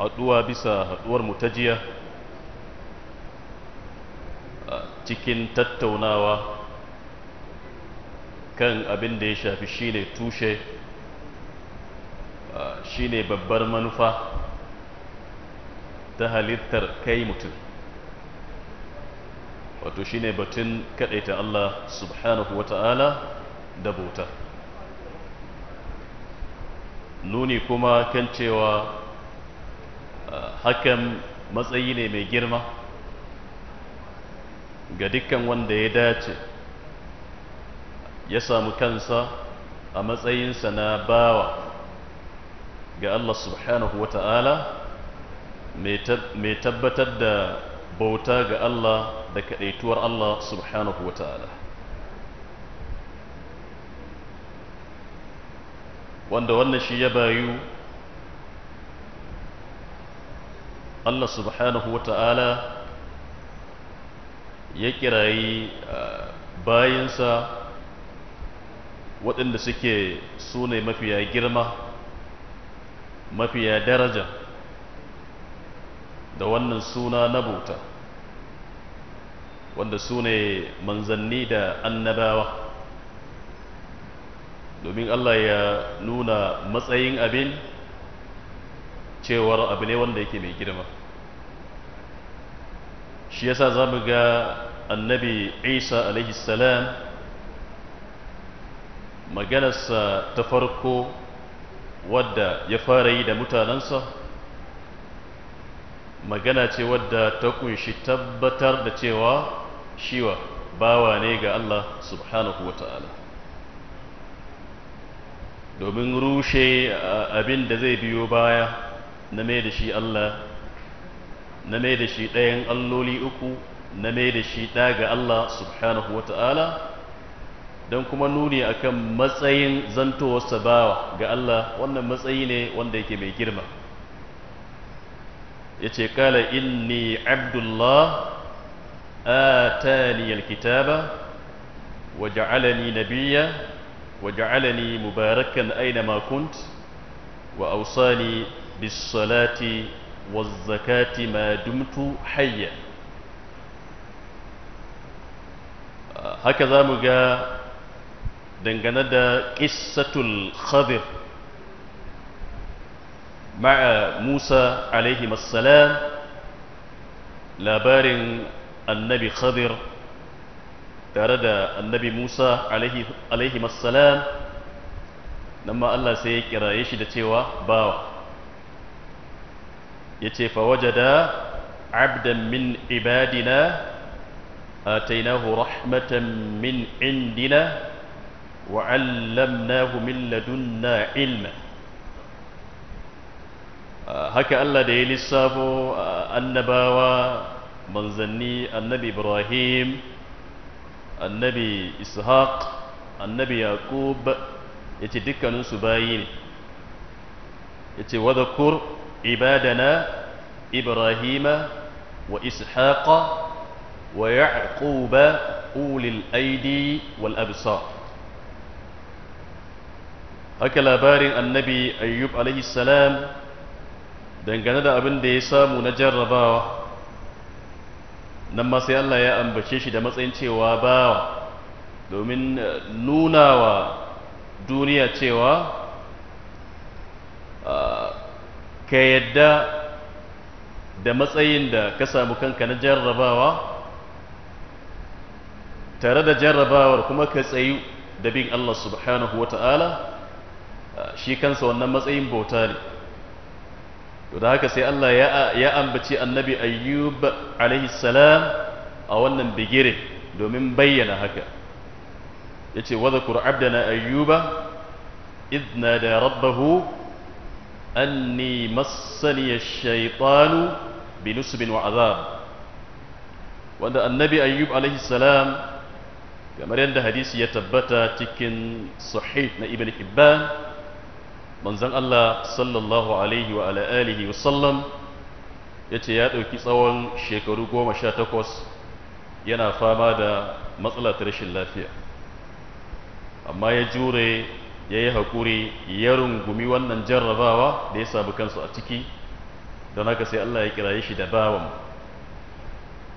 haɗuwa bisa haɗuwar mu ta jiya cikin tattaunawa kan abin da ya shafi shine tushe shine babbar manufa ta halittar kai mutum wato shine batun kaɗaita Allah subhanahu wa ta'ala da bota nuni kuma kan cewa hakan matsayi ne mai girma ga dukkan wanda ya dace ya samu kansa a matsayinsa na bawa ga Allah subhanahu wa ta'ala mai tabbatar da bauta ga Allah da kaɗaituwar Allah subhanahu wa ta'ala wanda wannan shi ya bayu Allah subhanahu wata'ala ya kirayi uh, bayansa waɗanda suke su ne mafiya girma mafiya daraja da wannan suna na bauta wanda su ne manzanni da annabawa domin Allah ya nuna matsayin abin cewar abu ne wanda yake mai girma shi yasa za mu ga annabi isa alaihi salam maganarsa ta farko wadda ya fara yi da mutanensa magana ce wadda ta kunshi tabbatar da cewa shiwa bawa ne ga Allah subhanahu wa ta'ala domin rushe abin da zai biyo baya na mai da shi Allah na mai da shi ɗayan alloli uku na mai da shi ɗaga Allah subhanahu wa ta'ala don kuma nuni akan matsayin zantowarsa bawa ga Allah wannan matsayi ne wanda yake mai girma ya ce kala inni abdullah atani kitaba wa ja'alani nabiyya wa ja'alani mubarakan aina makunt wa ausani bisalati wazzakati ma dumtu hayya haka za mu ga dangane da ƙissatul khadir ma'a musa alaihi salam labarin annabi khadir tare da annabi musa alaihi salam nan allah sai ya kiraye shi da cewa bawa yace fa wajada abdan min ibadina atainahu rahmatan min indina wa 'allamnahu min ladunna ilma haka Allah da ya lissafo annabawa manzanni annabi Ibrahim annabi Ishaq annabi Yaqub yace dukkanin su bayi ne yace wadhakur عبادنا إبراهيم وإسحاق ويعقوب أولي الأيدي والأبصار haka labarin annabi ayyub alaihissalam dangane da abin da ya samu na jarrabawa nan ma sai Allah ya ambace shi da matsayin cewa bawa domin nunawa duniya cewa ka yadda da matsayin da ka samu kanka na jarrabawa tare da jarrabawar kuma ka tsayu da bin Allah subhanahu wa ta'ala shi kansa wannan matsayin bauta ne to da haka sai Allah ya ambaci annabi ayyub salam a wannan bigire domin bayyana haka ya ce wadda abdana ayyuba idna da rabbahu anni massani ash-shaytanu bi nusbin wanda annabi ayyub salam kamar yadda hadisi ya tabbata cikin sahih na ibn hibban manzon Allah sallallahu alaihi wa ala wa sallam yace ya ɗauki tsawon shekaru goma sha takwas yana fama da matsalar rashin lafiya amma ya jure ya yi haƙuri ya rungumi wannan jarrabawa da ya samu kansu a ciki don haka sai Allah ya kiraye shi da bawan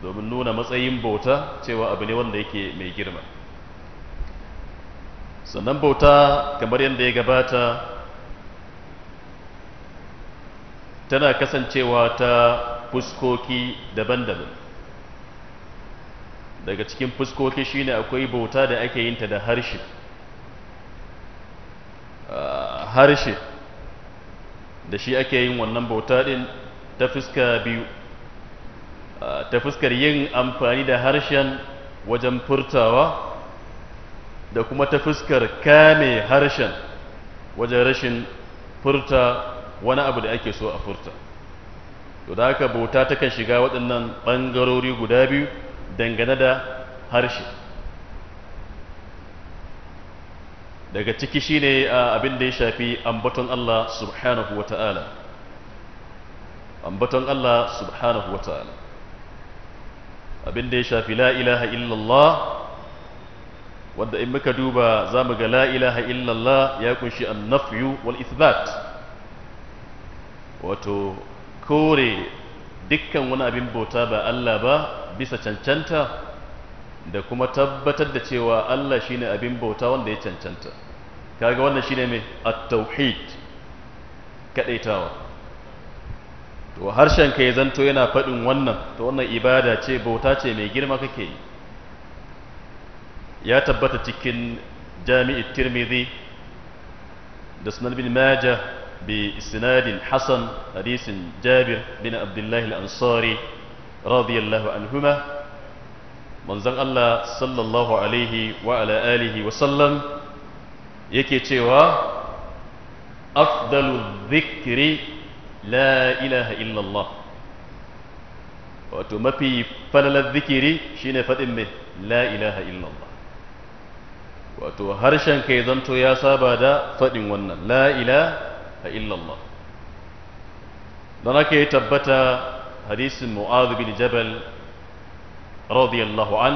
domin nuna matsayin bauta cewa abu ne wanda yake mai girma sannan bauta kamar yadda ya gabata tana kasancewa ta fuskoki daban-daban daga cikin fuskoki shine akwai bauta da ake yinta da harshe harshe da shi ake yin wannan bauta din ta fuska biyu ta fuskar yin amfani da harshen wajen furtawa da kuma ta fuskar kame harshen wajen rashin furta wani abu da ake so a furta to da haka bauta ta kan shiga waɗannan ɓangarori guda biyu dangane da harshe daga ciki shine ah, abin da ya shafi ambaton Allah subhanahu wa ta'ala ambaton Allah subhanahu wa ta'ala abin da ya shafi la ilaha illallah wanda in muka duba za mu ga la ilaha illallah ya kunshi an nafiyu wal ithbat wato kore dukkan wani abin bauta ba Allah ba bisa cancanta da kuma tabbatar da cewa Allah ne abin bauta wanda ya cancanta kaga wannan ne mai at-tauhid to harshen ka ya zanto yana faɗin wannan to wannan ibada ce bauta ce mai girma kake yi ya tabbata cikin jami'in tirmidhi da sunan bin maja bi isnadin hassan hadisin jabir bin abdullahi al-ansari radiyallahu anhuma manzon Allah sallallahu alaihi wa ala alihi wa sallam yake cewa afdalu dhikri la ilaha illallah wato mafi falalar zikiri shine faɗin mai la ilaha illallah wato harshen kai zanto ya saba da faɗin wannan la ilaha illallah don haka ya tabbata hadisin mu'adhu bin jabal radiyallahu an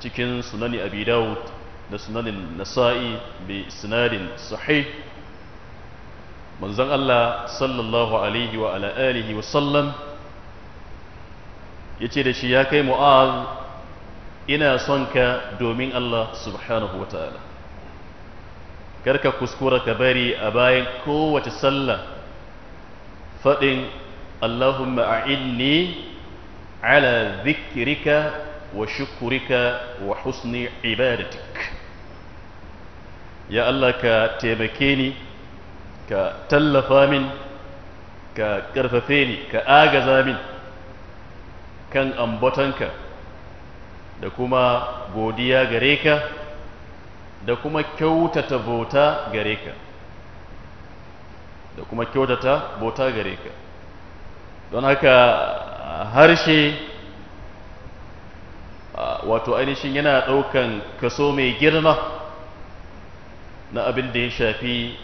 cikin sunani abi dawud da sunanin nasa'i bi sinadin sahih manzon Allah sallallahu alaihi wa ala alihi wa sallam yace da shi ya kai mu'az ina son ka domin Allah subhanahu wa ta'ala karka kuskura ka bari a bayan kowace sallah faɗin Allahumma a'inni ala zikirika wa shukurika wa husni ibadatik ya Allah ka taimake ni ka tallafa min ka ƙarfafe ni ka agaza min kan ambatanka da kuma godiya gare ka da kuma kyautata bota gare ka da kuma kyautata bota gare ka don haka harshe wato ainihin yana ɗaukan kaso mai girma na abin da ya shafi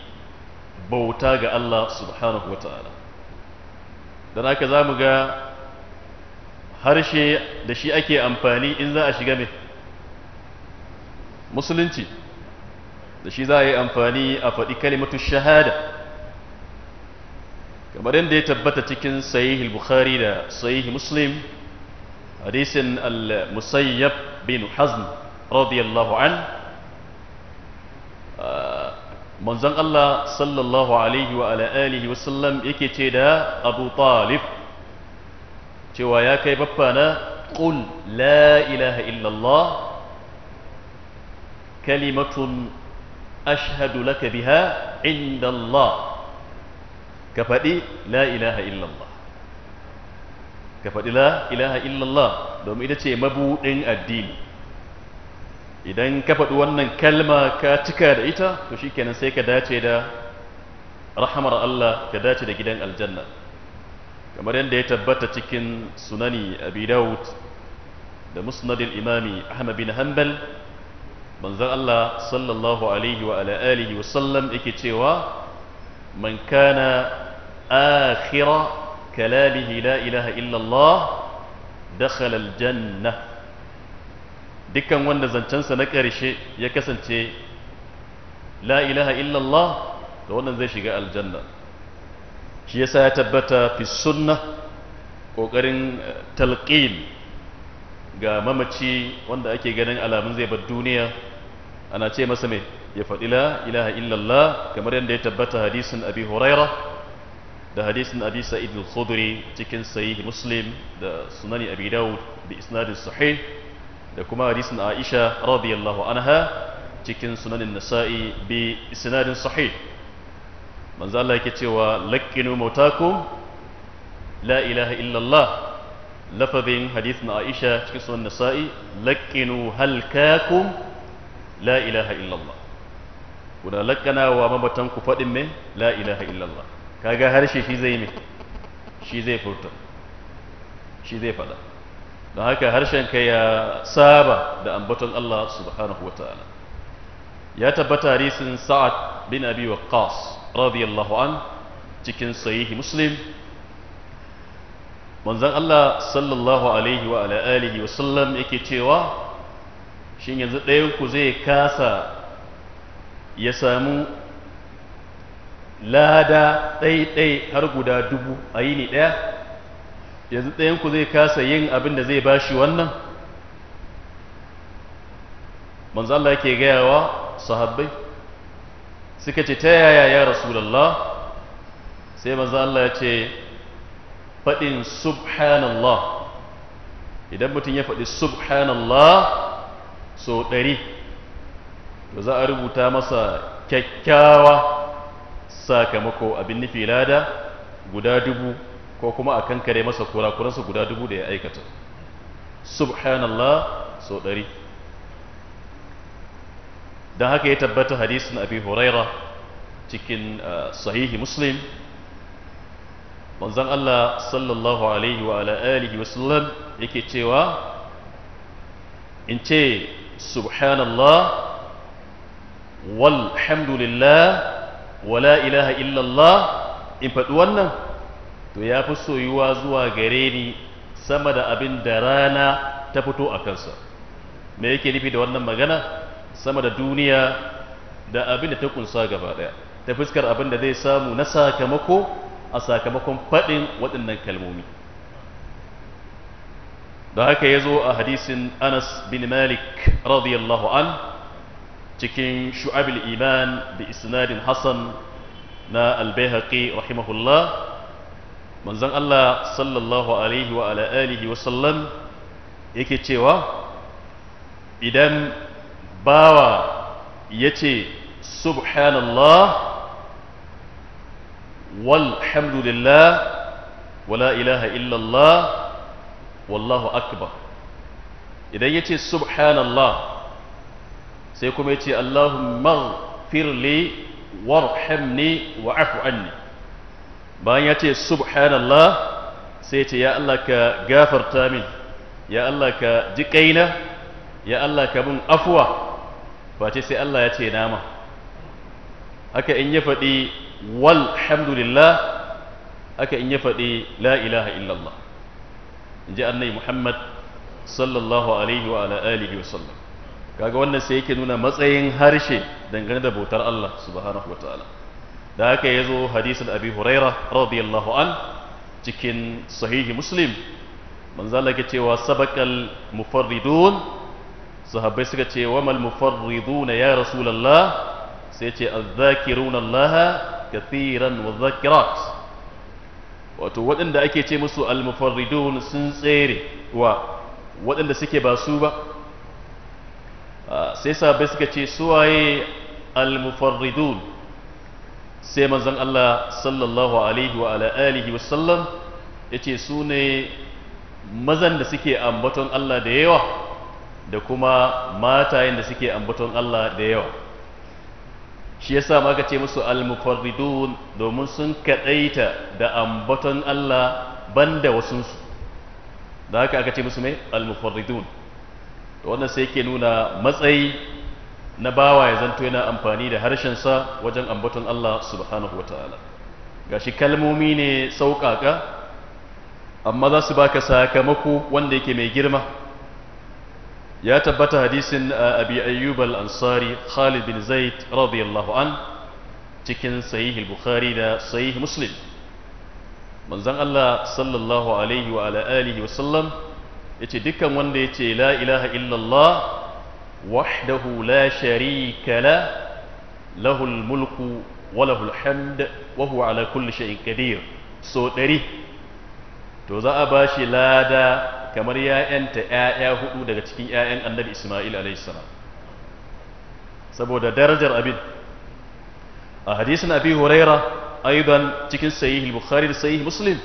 bauta ga Allah subhanahu wata'ala don haka za mu ga harshe da shi ake amfani in za a shiga mai musulunci da shi za a yi amfani a faɗi kalimatu shahada kamar yadda ya tabbata cikin sahih al bukhari da sahih muslim hadisin al-musayyab bin hazm radiyallahu an manzon Allah sallallahu alaihi wa ala alihi wa sallam yake ce da Abu Talib cewa ya kai baffa na qul la ilaha illa Allah kalimatun ashhadu laka biha inda Allah ka faɗi la ilaha illallah ka faɗi la ilaha illallah domin ita ce mabuɗin addini idan ka faɗi wannan kalma ka cika da ita to shikenan sai ka dace da rahamar Allah ka dace da gidan aljanna kamar yadda ya tabbata cikin sunani abi dawud da musnadil imami ahmad bin hanbal manzon Allah sallallahu alaihi wa ala wa sallam yake cewa من كان آخر كلامه لا إله إلا الله دخل الجنة dukkan wanda zancensa na ƙarshe ya kasance la ilaha illallah da wannan zai shiga aljanna shi yasa ya tabbata fi sunna ƙoƙarin talqin ga mamaci wanda ake ganin alamun zai bar duniya ana ce masa mai ya faɗi la ilaha illallah kamar yadda ya tabbata hadisin abi huraira da hadisin abi sa'id al-khudri cikin sahih muslim da sunani abi daud da isnadin sahih da kuma hadisin aisha radiyallahu anha cikin sunanin nasa'i bi isnadin sahih manzo Allah yake cewa laqinu mautakum la ilaha illallah lafazin hadithin Aisha cikin sunan Nasa'i laqinu halkakum la ilaha illallah kuna lakana wa mamatan ku faɗin me la ilaha illallah kaga harshe shi zai mai shi zai furta shi zai faɗa don haka harshen ka ya saba da ambaton Allah subhanahu wa ta'ala ya tabbata risin sa'ad bin abi ƙas radiyallahu an cikin sayihi muslim manzan Allah sallallahu alaihi wa ala sallam yake cewa shi yanzu ɗayan ku zai kasa ya samu lada ɗaiɗai har guda dubu a yini ɗaya yanzu ɗayanku zai kasa yin abin da zai bashi wannan Manzala Allah gaya gayawa sahabbai suka ce ta yaya ya rasulallah? sai Manzala ya ce faɗin subhanallah idan mutum ya faɗi subhanallah so ɗari to za a rubuta masa kyakkyawa sakamako abin nufi lada guda dubu ko kuma a kankare masa kurakuransa guda dubu da ya aikata subhanallah so ɗari don haka ya tabbata hadisin abi huraira cikin uh, sahihi muslim manzon Allah sallallahu alaihi wa ala alihi yake cewa in ce subhanallah walhamdulillah wala ilaha illallah in faɗi wannan to ya fi soyuwa zuwa gare ni sama da abin da rana ta fito a kansa me yake nufi da wannan magana sama da duniya da abin da ta kunsa gaba ɗaya ta fuskar abin da zai samu na sakamako a sakamakon faɗin waɗannan kalmomi da haka ya zo a hadisin anas bin malik radiyallahu an cikin shu'abil iman bi isnadin hasan na albayhaqi rahimahullah manzon Allah sallallahu alaihi wa ala alihi wa sallam yake cewa idan bawa ya yace subhanallah walhamdulillah wala ilaha illallah wallahu akbar idan ya yace subhanallah sai kuma ya ce Allahumma firli warhamni wa afu anni bayan ya ce subhanallah sai ce ya Allah ka gafarta min ya Allah ka ji kaina ya Allah ka bin afuwa face sai Allah ya ce nama haka in ya faɗi walhamdulillah haka in ya faɗi la ilaha illallah in ji annai muhammad sallallahu alaihi wa ala alihi wa sallam kaga wannan sai yake nuna matsayin harshe dangane da bautar Allah subhanahu wataala da haka zo hadisin Abi Huraira radiyallahu an cikin sahihi Muslim manzo Allah yake cewa sabaqal mufarridun sahabbai suka ce wa mal ya rasulullah sai ce azzakiruna Allah kathiran wa zakirat wato waɗanda ake ce musu al mufarridun sun tsere wa waɗanda suke ba su ba sai sahabbai suka ce suwaye al-mufarridun sai manzon Allah sallallahu alaihi wa ala alihi wa sallam yace su ne mazan da suke ambaton Allah da yawa da kuma matayen da suke ambaton Allah da yawa shi yasa ma ce musu al-mufarridun domin sun kadaita da ambaton Allah banda wasunsu da haka aka ce musu mai al-mufarridun Da wannan sai yake nuna matsayi na bawa ya zanto yana amfani da harshensa wajen ambaton Allah subhanahu wa ta'ala gashi kalmomi ne sauƙaƙa amma za su baka sakamako wanda yake mai girma ya tabbata hadisin abi ayyub al-ansari khalid bin zaid radiyallahu an cikin sahih al-bukhari da sahih muslim manzon Allah sallallahu alaihi wa ala alihi wa sallam yace dukkan wanda ya ce la ilaha illallah wahdahu la sharika la lahul mulku wa lahul hamd wa huwa ala kulli shay'in qadir so ɗari to za a bashi lada kamar ya'yanta ya'ya hudu daga cikin ya'yan annabi Isma'il alayhi salam saboda darajar abin a hadisin abi huraira aidan cikin sahih bukhari da sahih muslim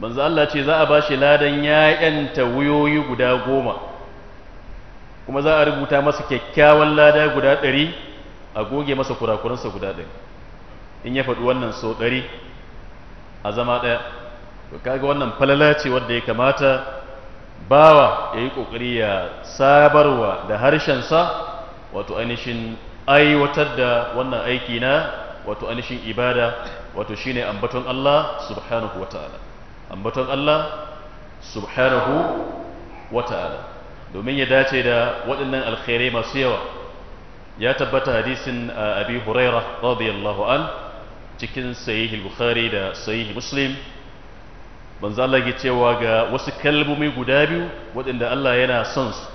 manzo Allah ce za a ba shi ladan ya'yanta wuyoyi guda goma kuma za a rubuta masa kyakkyawan lada guda ɗari a goge masa kurakuransa guda ɗari in ya faɗi wannan so ɗari a zama ɗaya to kaga wannan falala ce wadda ya kamata bawa ya yi ƙoƙari ya sabarwa da harshensa wato ainihin aiwatar da wannan aiki na wato ainihin ibada wato shine ambaton Allah subhanahu wa ta'ala ambatan Allah subhanahu wa domin ya dace da waɗannan alkhairai masu yawa ya tabbata hadisin abi huraira radiyallahu an cikin sahih bukhari da sahih muslim banza Allah ke cewa ga wasu kalmomi guda biyu waɗanda Allah yana son su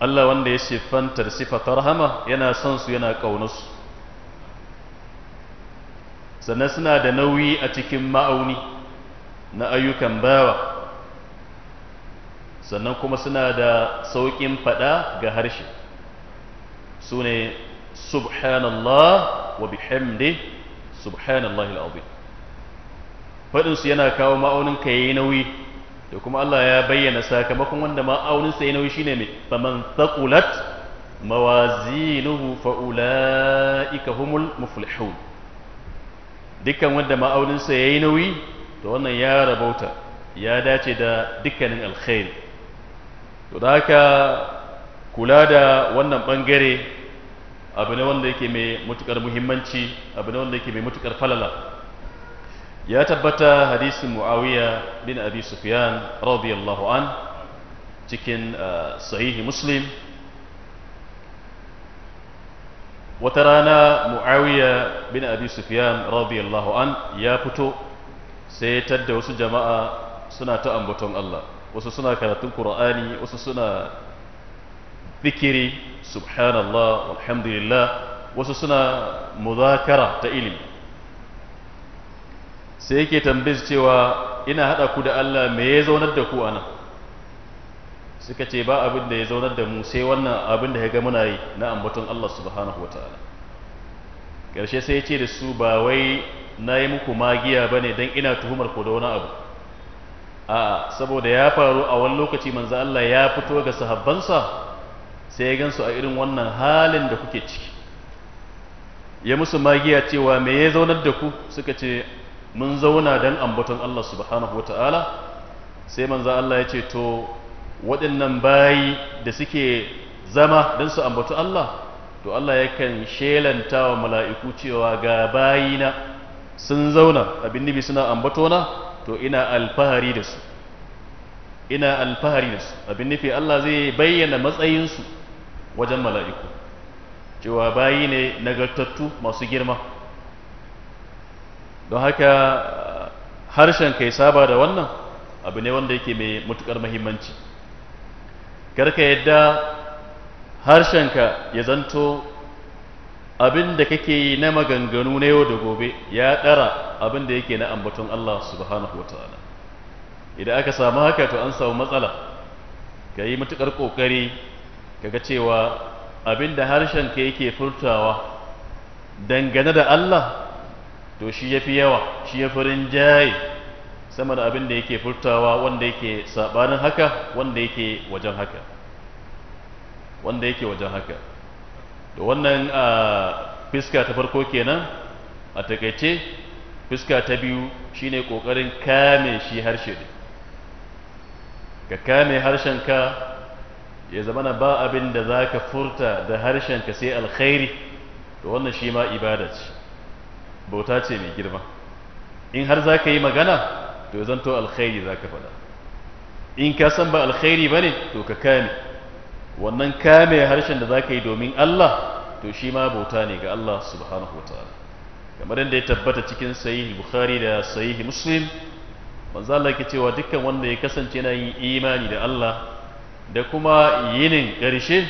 Allah wanda ya siffanta da siffatar rahama yana son su yana ƙaunarsu sannan suna da nauyi a cikin ma'auni na ayyukan bawa sannan kuma suna da sauƙin faɗa ga harshe su ne subhanallah wa bihamdi subhanallah al'azim faɗinsu yana kawo ma'aunin ka yi nauyi da kuma Allah ya bayyana sakamakon wanda ma'auninsa ya nauyi shine mai faman thaqulat mawazinuhu fa ulaika humul muflihun dukkan wanda ma'auninsa ya yi nauyi to wannan ya rabauta ya dace da dukkanin alkhairi to da haka kula da wannan bangare abu ne wanda yake mai matukar muhimmanci abu ne wanda yake mai matukar falala ya tabbata hadisin muawiya bin abi sufyan radiyallahu an cikin ah, sahihi muslim wata rana muawiya bin abi sufyan radiyallahu an ya fito sai ya tadda wasu jama'a suna ta ambaton Allah wasu suna karatun qur'ani wasu suna fikiri subhanallah walhamdulillah wasu suna muzakara ta ilimi sai yake tambayar cewa ina hada ku da Allah me ya zaunar da ku anan suka ce ba abin da ya zaunar da mu sai wannan abin da ya ga muna yi na ambaton Allah subhanahu wataala ƙarshe sai ya ce da su ba wai na yi muku magiya ba ne don ina tuhumar ku da wani abu a saboda ya faru a wani lokaci manzo Allah ya fito ga sahabbansa sai ya gansu a irin wannan halin da kuke ciki ya musu magiya cewa me ya zaunar da ku suka ce mun zauna don ambaton Allah subhanahu wataala sai manzo Allah ya ce to waɗannan bayi da suke zama don su ambatu Allah to Allah yakan shelanta wa mala'iku cewa ga bayina sun zauna abin nibi suna ambatona to ina alfahari da su ina alfahari da su abin nufi Allah zai bayyana matsayinsu wajen mala'iku cewa bayi ne nagartattu masu girma don haka harshen kai saba da wannan abu ne wanda yake mai matukar mahimmanci karka yadda harshenka ya zanto abin da kake yi na maganganu na yau da gobe ya ɗara abin da yake na ambaton Allah subhanahu wa ta'ala idan aka samu haka to an samu matsala ka yi matuƙar ƙoƙari kaga cewa abin da harshenka yake furtawa dangane da Allah to shi ya fi yawa shi ya farin rinjaye sama da abin da yake furtawa wanda yake sabanin haka wanda yake wajen haka wanda yake wajen haka da wannan a fiska ta farko kenan a takaice fiska ta biyu shine kokarin kame shi harshe ne ka kame harshen ka ya zama ba abin da za ka furta da harshen ka sai alkhairi da wannan shi ma ibada ce bauta ce mai girma in har za ka yi magana to zan to alkhairi za ka in ka san ba alkhairi ba ne to ka kame wannan kame harshen da za ka yi domin Allah to shi ma bauta ne ga Allah subhanahu wataala kamar yadda ya tabbata cikin sahihi bukhari da sahihi muslim manzo Allah yake cewa dukkan wanda ya kasance yana yin imani da Allah da kuma yinin ƙarshe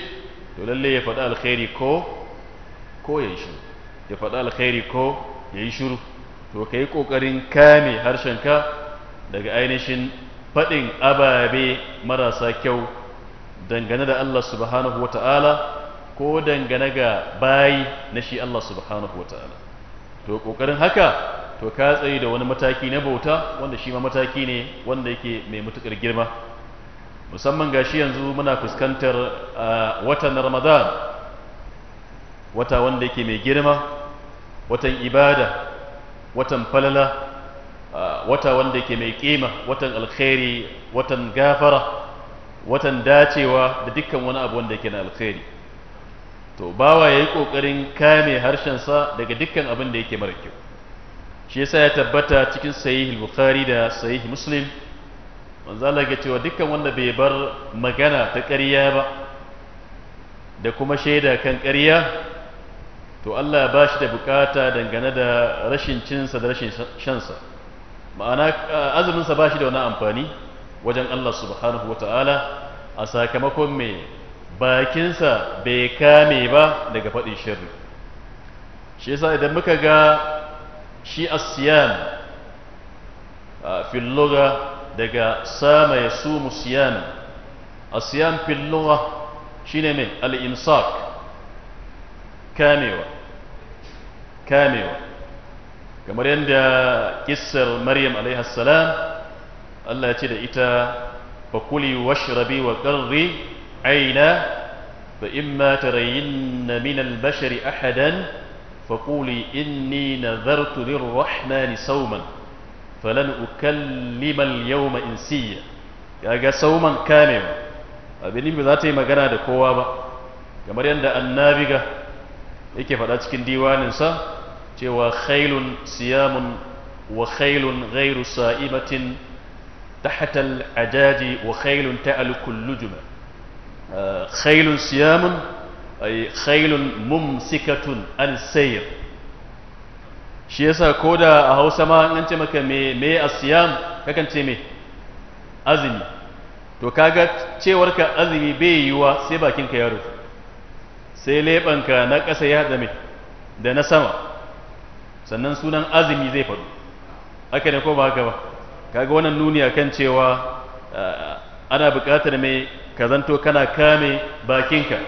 to lalle ya faɗi alkhairi ko ko ya shi ya fada alkhairi ko ya yi shiru to ka yi ƙoƙarin kame ka. daga ainihin faɗin ababe marasa kyau dangane da Allah subhanahu wa ta'ala ko dangane ga bayi na shi Allah subhanahu wa ta'ala. to ƙoƙarin haka to ka tsaye da wani mataki na bauta wanda shi ma mataki ne wanda yake mai matuƙar girma musamman ga shi yanzu muna fuskantar watan ramadan wata wanda yake mai girma watan ibada watan falala wata wanda ke mai kima watan alkhairi watan gafara watan dacewa da dukkan wani abu wanda ke na alkhairi to bawa yayi ƙoƙarin kame harshensa daga dukkan abin da yake mara kyau shi yasa ya tabbata cikin sahih bukhari da sahih muslim manzo Allah ya cewa dukkan wanda bai bar magana ta ƙarya ba da kuma shaida kan ƙarya to Allah ba shi da bukata dangane da rashin cinsa da rashin shansa ma'ana eh, azuminsa ba shi da wani amfani wajen Allah subhanahu wa ta'ala a sakamakon mai bakinsa bai kame ba daga faɗin shirri shi yasa idan muka ga shi asiyan filloga daga sama ya su musiyan asiyan filloga shi ne mai al'imsak kamewa kamewa kamar yadda kissar maryam alaihi salam Allah ya ce da ita fakuli washrabi wa qarri aina fa imma tarayinna min al-bashari ahadan فقولي إني نذرت للرحمن صوما فلن أكلم اليوم إنسيا يا صوما كامل abinin ba za ta yi magana da kowa ba kamar yadda annabiga yake faɗa cikin diwaninsa cewa khailun siyamun wa khailun ghairu sa'ibatin tahta al-ajaji wa khailun ta alukun lujum khailun siyamun ay khailun mumsikatun an sayr shi yasa da a Hausa ma an ce maka me me asiyam kakan ce me azumi to kaga cewar ka azumi bai yiwa sai bakin ka ya rufe sai lebanka na ƙasa ya haɗa me da na sama sannan sunan azumi zai faɗo haka ne ko ba haka ba kaga wannan nuni akan cewa eh, ana buƙatar mai kazanto kana kame bakinka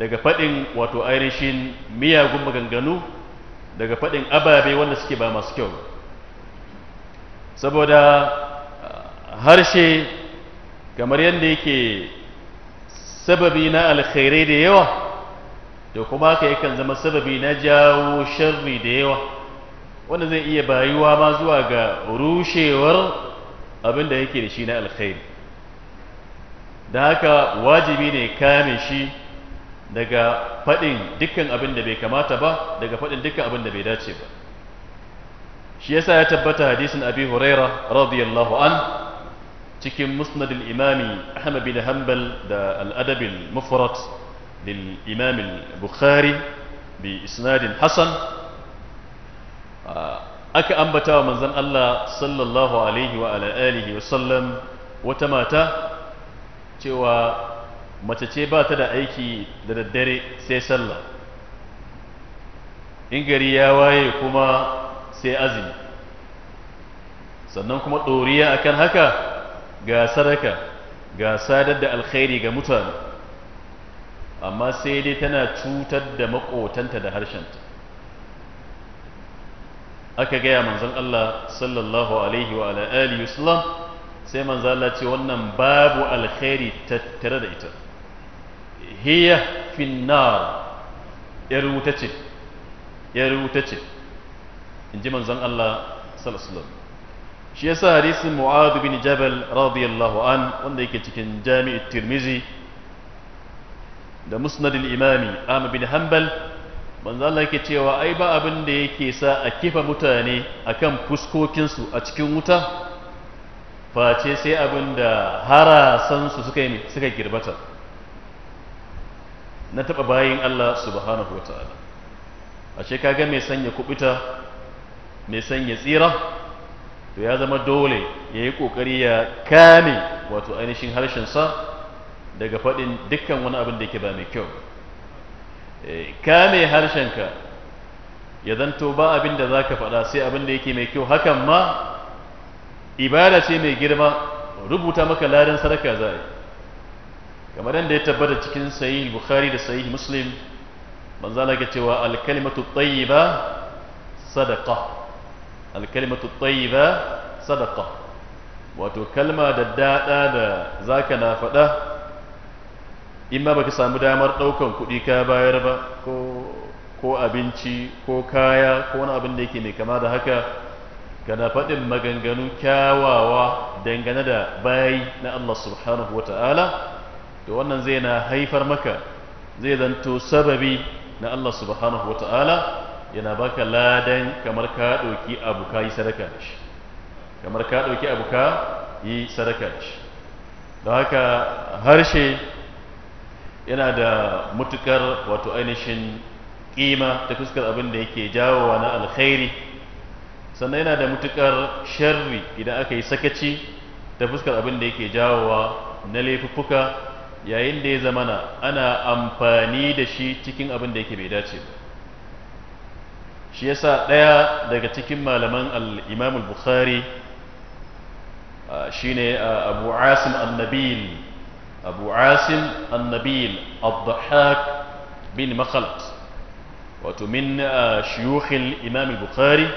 daga faɗin wato ainihin miyagun maganganu daga faɗin ababe wanda suke ba masu kyau saboda eh, harshe kamar yadda yake sababi na alkhairai da yawa da kuma haka yakan zama sababi na jawo sharri da yawa wanda zai iya bayuwa ma zuwa ga rushewar abin da yake da shi na alkhairi da haka wajibi ne kame shi daga faɗin dukkan abin da bai kamata ba daga faɗin dukkan abin da bai dace ba shi yasa ya tabbata hadisin abi huraira radiyallahu an cikin musnadin imami ahmad bin hanbal da al-adab al-mufrad Bukhari البخاري بإسناد Hassan aka ambata wa manzan Allah sallallahu alaihi wa alihi wa sallam wata mata cewa mace ce bata da aiki da daddare sai sallah in gari ya waye kuma sai azimi sannan kuma ɗoriya akan haka ga sadaka ga sadar da alkhairi ga mutane amma sai dai tana cutar da makotanta da harshenta aka gaya manzon Allah sallallahu alaihi wa alihi wasallam sai manzo Allah ce wannan babu alkhairi tattare da ita hiya finnar yar wuta ce yar wuta ce in ji manzon Allah sallallahu alaihi shi yasa hadisin Mu'adh bin Jabal radiyallahu an wanda yake cikin jami'ar Tirmizi da musnadul imami amma bin hanbal manzo Allah yake cewa ai ba abin da yake sa a kifa mutane akan fuskokinsu a cikin wuta face sai abin da harasan su suka yi suka girbata na taba bayin Allah subhanahu wataala ashe ga mai sanya kubuta mai sanya tsira to ya zama dole yayi kokari ya kame wato ainihin harshen sa daga faɗin dukkan wani abin da ke ba mai kyau eh, kame harshenka ya zanto ba abin da za ka faɗa sai abin da yake mai kyau hakan ma ibada ce mai girma rubuta maka larin sadaka za yi kamar yadda ya tabbata cikin sayi bukhari da sahih muslim manzo Allah cewa al-kalimatu tayyiba sadaqa al-kalimatu ba? sadaqa wato kalma da daɗa da zaka na faɗa in ma baki samu damar ɗaukan kuɗi ka bayar ba ko abinci ko kaya ko wani abin da yake mai kama da haka kana faɗin maganganu kyawawa dangane da bayi na Allah subhanahu wa ta'ala to wannan zai na haifar maka zai zanto sababi na Allah subhanahu wa ta'ala yana baka ladan kamar ka ɗauki abu ka yi sadaka da shi kamar ka ɗauki abu ka yi sadaka da shi da haka harshe yana da mutukar wato ainihin kima ta fuskar abin da yake jawowa na alkhairi sannan yana da mutukar sharri idan aka yi sakaci ta fuskar abin da yake jawowa na laifuka yayin da ya zamana ana amfani da shi cikin abin da yake bai dace ba shi yasa ɗaya daga cikin malaman al-imam al-bukhari shine abu asim أبو عاسم النبيل الضحاك بن مخلط وتمنى آه، شيوخ الإمام البخاري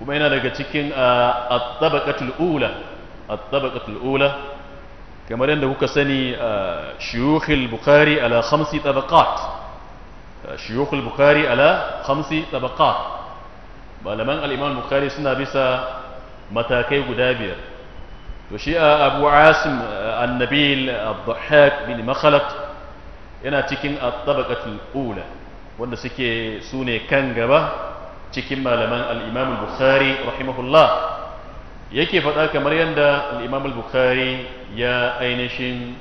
ومن لكتكين آه، الطبقة الأولى الطبقة الأولى كما لأنه كسني آه، شيوخ البخاري على خمس طبقات شيوخ البخاري على خمس طبقات بل من الإمام البخاري سنة بس متى متاكي قدابير to shi uh, abu asim uh, annabil uh, al-dhahak bin makhalat yana cikin at-tabaqatul ula wanda suke sune kan gaba cikin malaman al-imam al rahimahullah yake faɗa kamar yadda al-imam bukhari ya ainihin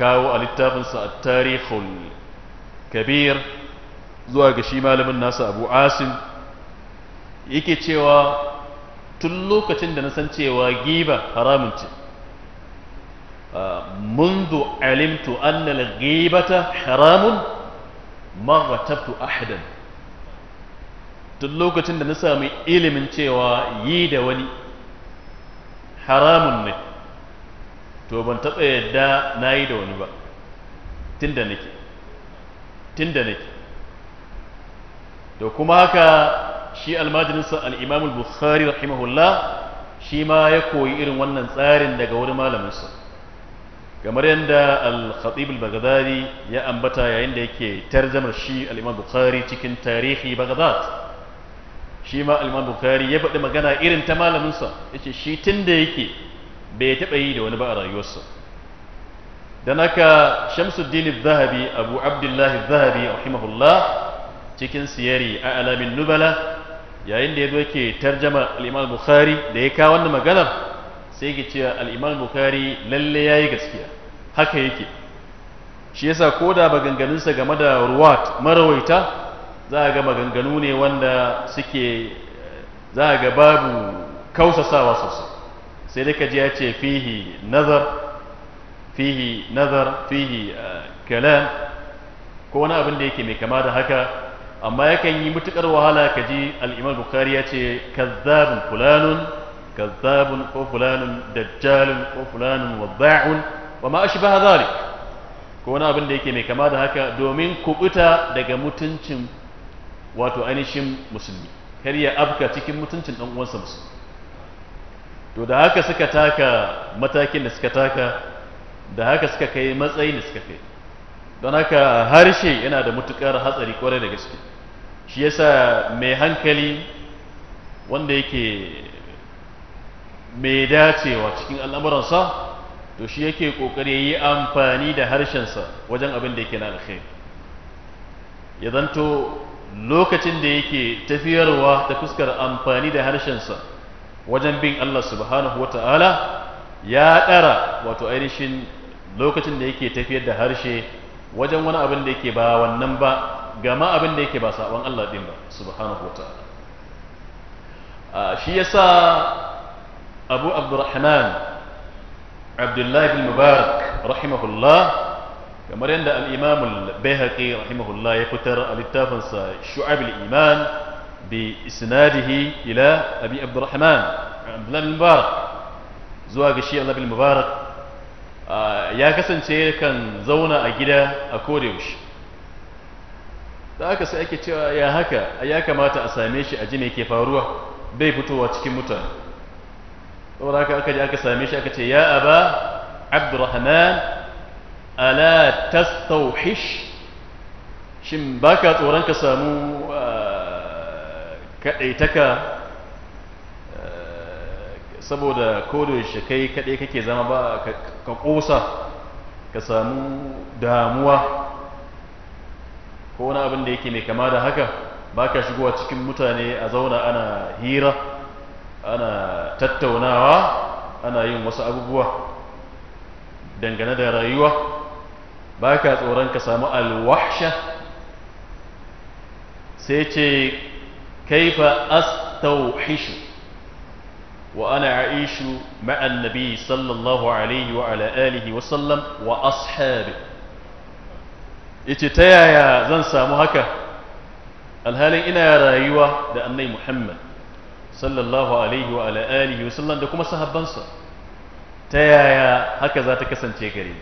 kawo a littafinsa at kabir zuwa ga shi malamin nasa abu asim yake cewa tun lokacin da na san cewa giba haramun ce ah, mun zo alimtu an lalar giba ta haramun marwata tu ahadan tun lokacin da na sami ilimin cewa yi da wani haramun ne to ban taɓa yadda na yi da wani ba tunda nake tunda nake to kuma haka shi almajirinsa al-imam al-bukhari rahimahullah shi ma ya koyi irin wannan tsarin daga wani malaminsa kamar yadda al-khatib al-baghdadi ya ambata yayin da yake tarjamar shi al-imam bukhari cikin tarihi baghdad shi ma al-imam bukhari ya faɗi magana irin ta malaminsa yace shi da yake bai taɓa yi da wani ba a rayuwarsa dan haka shamsuddin zahabi abu abdullahi zahabi rahimahullah cikin siyari a alamin nubala yayin da ya zo yake tarjama al’imal bukhari da ya kawo wannan maganar sai ke cewa al’imal bukhari lalle yi gaskiya haka yake shi yasa ko da maganganunsa game da ruwat marawaita za a ga maganganu ne wanda suke za a ga babu kausasawa sosai sai da ka ji ya ce fihi nazar fihi nazar fihi eh, kalam ko wani abin da yake mai kama da haka amma yakan yi mutukar wahala ka ji al’imar bukari ya ce kazzabun fulanun kazzabun ko fulanun jalin ko fulanun wadda'un wa ma ashi ba zari ko wani abin da yake mai kama da haka domin kubuta daga mutuncin wato ainihin musulmi kar ya abka cikin mutuncin dan uwansa musulmi to da haka suka taka matakin da suka taka da haka suka kai matsayin da suka kai don haka harshe yana da matukar hatsari kwarai da gaske shi yasa mai hankali wanda yake mai dacewa cikin al'amuransa to shi yake kokari yi amfani da harshensa wajen abin da yake na alkhair ya zanto lokacin da yake tafiyarwa ta fuskar amfani da harshensa wajen bin Allah subhanahu wa ta'ala ya ɗara wato ainihin lokacin da yake tafiyar da harshe wajen wani abin da yake ba wannan ba gama abin da yake ba sabon Allah din ba subhanahu wataala shi yasa Abu Abdurrahman Abdullah ibn Mubarak rahimahullah kamar yanda al-Imam al-Baihaqi rahimahullah ya fitar a sa Shu'ab al-Iman bi isnadihi ila Abi Abdurrahman Abdullah ibn Mubarak zuwa ga shi Allah ibn Mubarak ya kasance kan zauna a gida a kodayaushe da aka sai ake cewa ya haka ya kamata a same shi a ji ke faruwa bai fitowa cikin mutane saboda haka aka je aka same shi aka ce ya aba abdurrahman ala tastauhish shin baka tsoron ka samu ah, kadaitaka ah, saboda shi kai kadai kake zama ba ka kosa ka samu damuwa ko wani abin da yake mai kama da haka ba ka shigowa cikin mutane a zauna ana hira ana tattaunawa ana yin wasu abubuwa dangane da rayuwa ba ka tsoron ka samu alwahsha sai ce kaifa astauhishu wa ana aishu ma'an nabi sallallahu alaihi wa ala alihi wa sallam wa ashabi yace ta yaya zan samu haka alhalin ina rayuwa da annai muhammad sallallahu alaihi wa ala wasallam da kuma sahabbansa ta yaya haka za ta kasance gare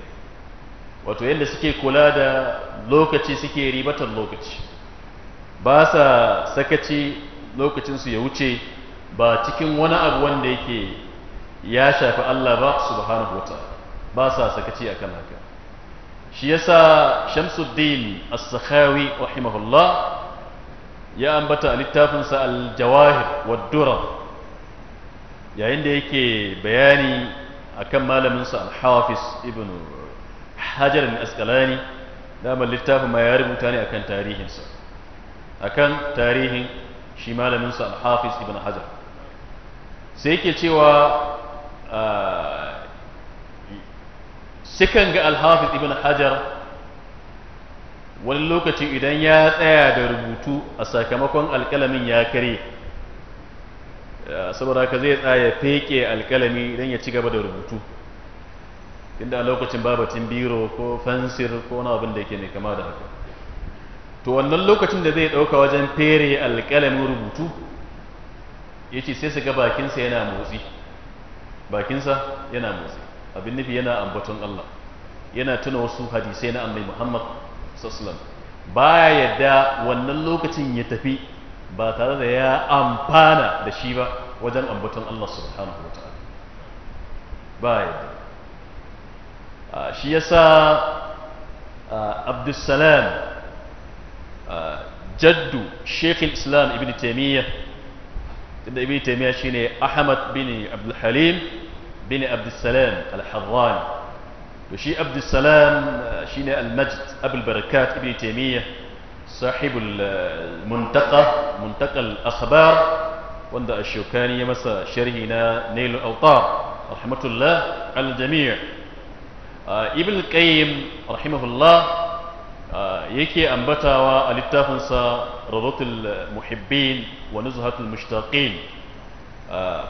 wato yadda suke kula da lokaci suke ribatar lokaci ba sa sakaci lokacinsu ya wuce ba cikin wani abu wanda yake ya shafi Allah ba subhanahu wa ba sa sakaci akan haka shi yasa shamsuddin as-sakhawi rahimahullah ya ambata a littafinsa al-jawahir wad-durar yayin da yake bayani akan malaminsa al-hafiz ibn hajar al-asqalani damar littafin ma ya rubuta ne akan akan tarihin shi malaminsa al-hafiz ibn hajar sai yake cewa ah, Sukan ga alhafiz ibn hajar wani lokaci idan ya tsaya da rubutu a sakamakon alkalamin ya kare eh, saboda ka zai tsaya feke alkalami idan ya ci gaba da rubutu inda a lokacin babatin biro ko fansir ko wani abin da yake mai kama da haka to wannan lokacin da zai ɗauka wajen fere alkalamin rubutu ya ce sai su ga bakinsa yana motsi bakinsa yana motsi abin nufi yana ambaton Allah yana tuna wasu hadisai na annabi Muhammad sallallahu baya yadda wannan lokacin ya tafi ba tare da ya amfana da shi ba wajen ambaton Allah subhanahu wataala baya yadda shi yasa Abdussalam jaddu Sheikh Islam Ibn Taymiyyah tunda Ibn Taymiyyah shine Ahmad bin Abdul Halim بن عبد السلام الحران وشي عبد السلام آه، شين المجد أبو البركات ابن تيمية صاحب آه، المنتقى منتقى الأخبار وند الشوكاني مسا شرهنا نيل الأوطار رحمة الله على الجميع آه، ابن القيم رحمه الله يكي أنبتا وألتافنسا رضوة المحبين ونزهة المشتاقين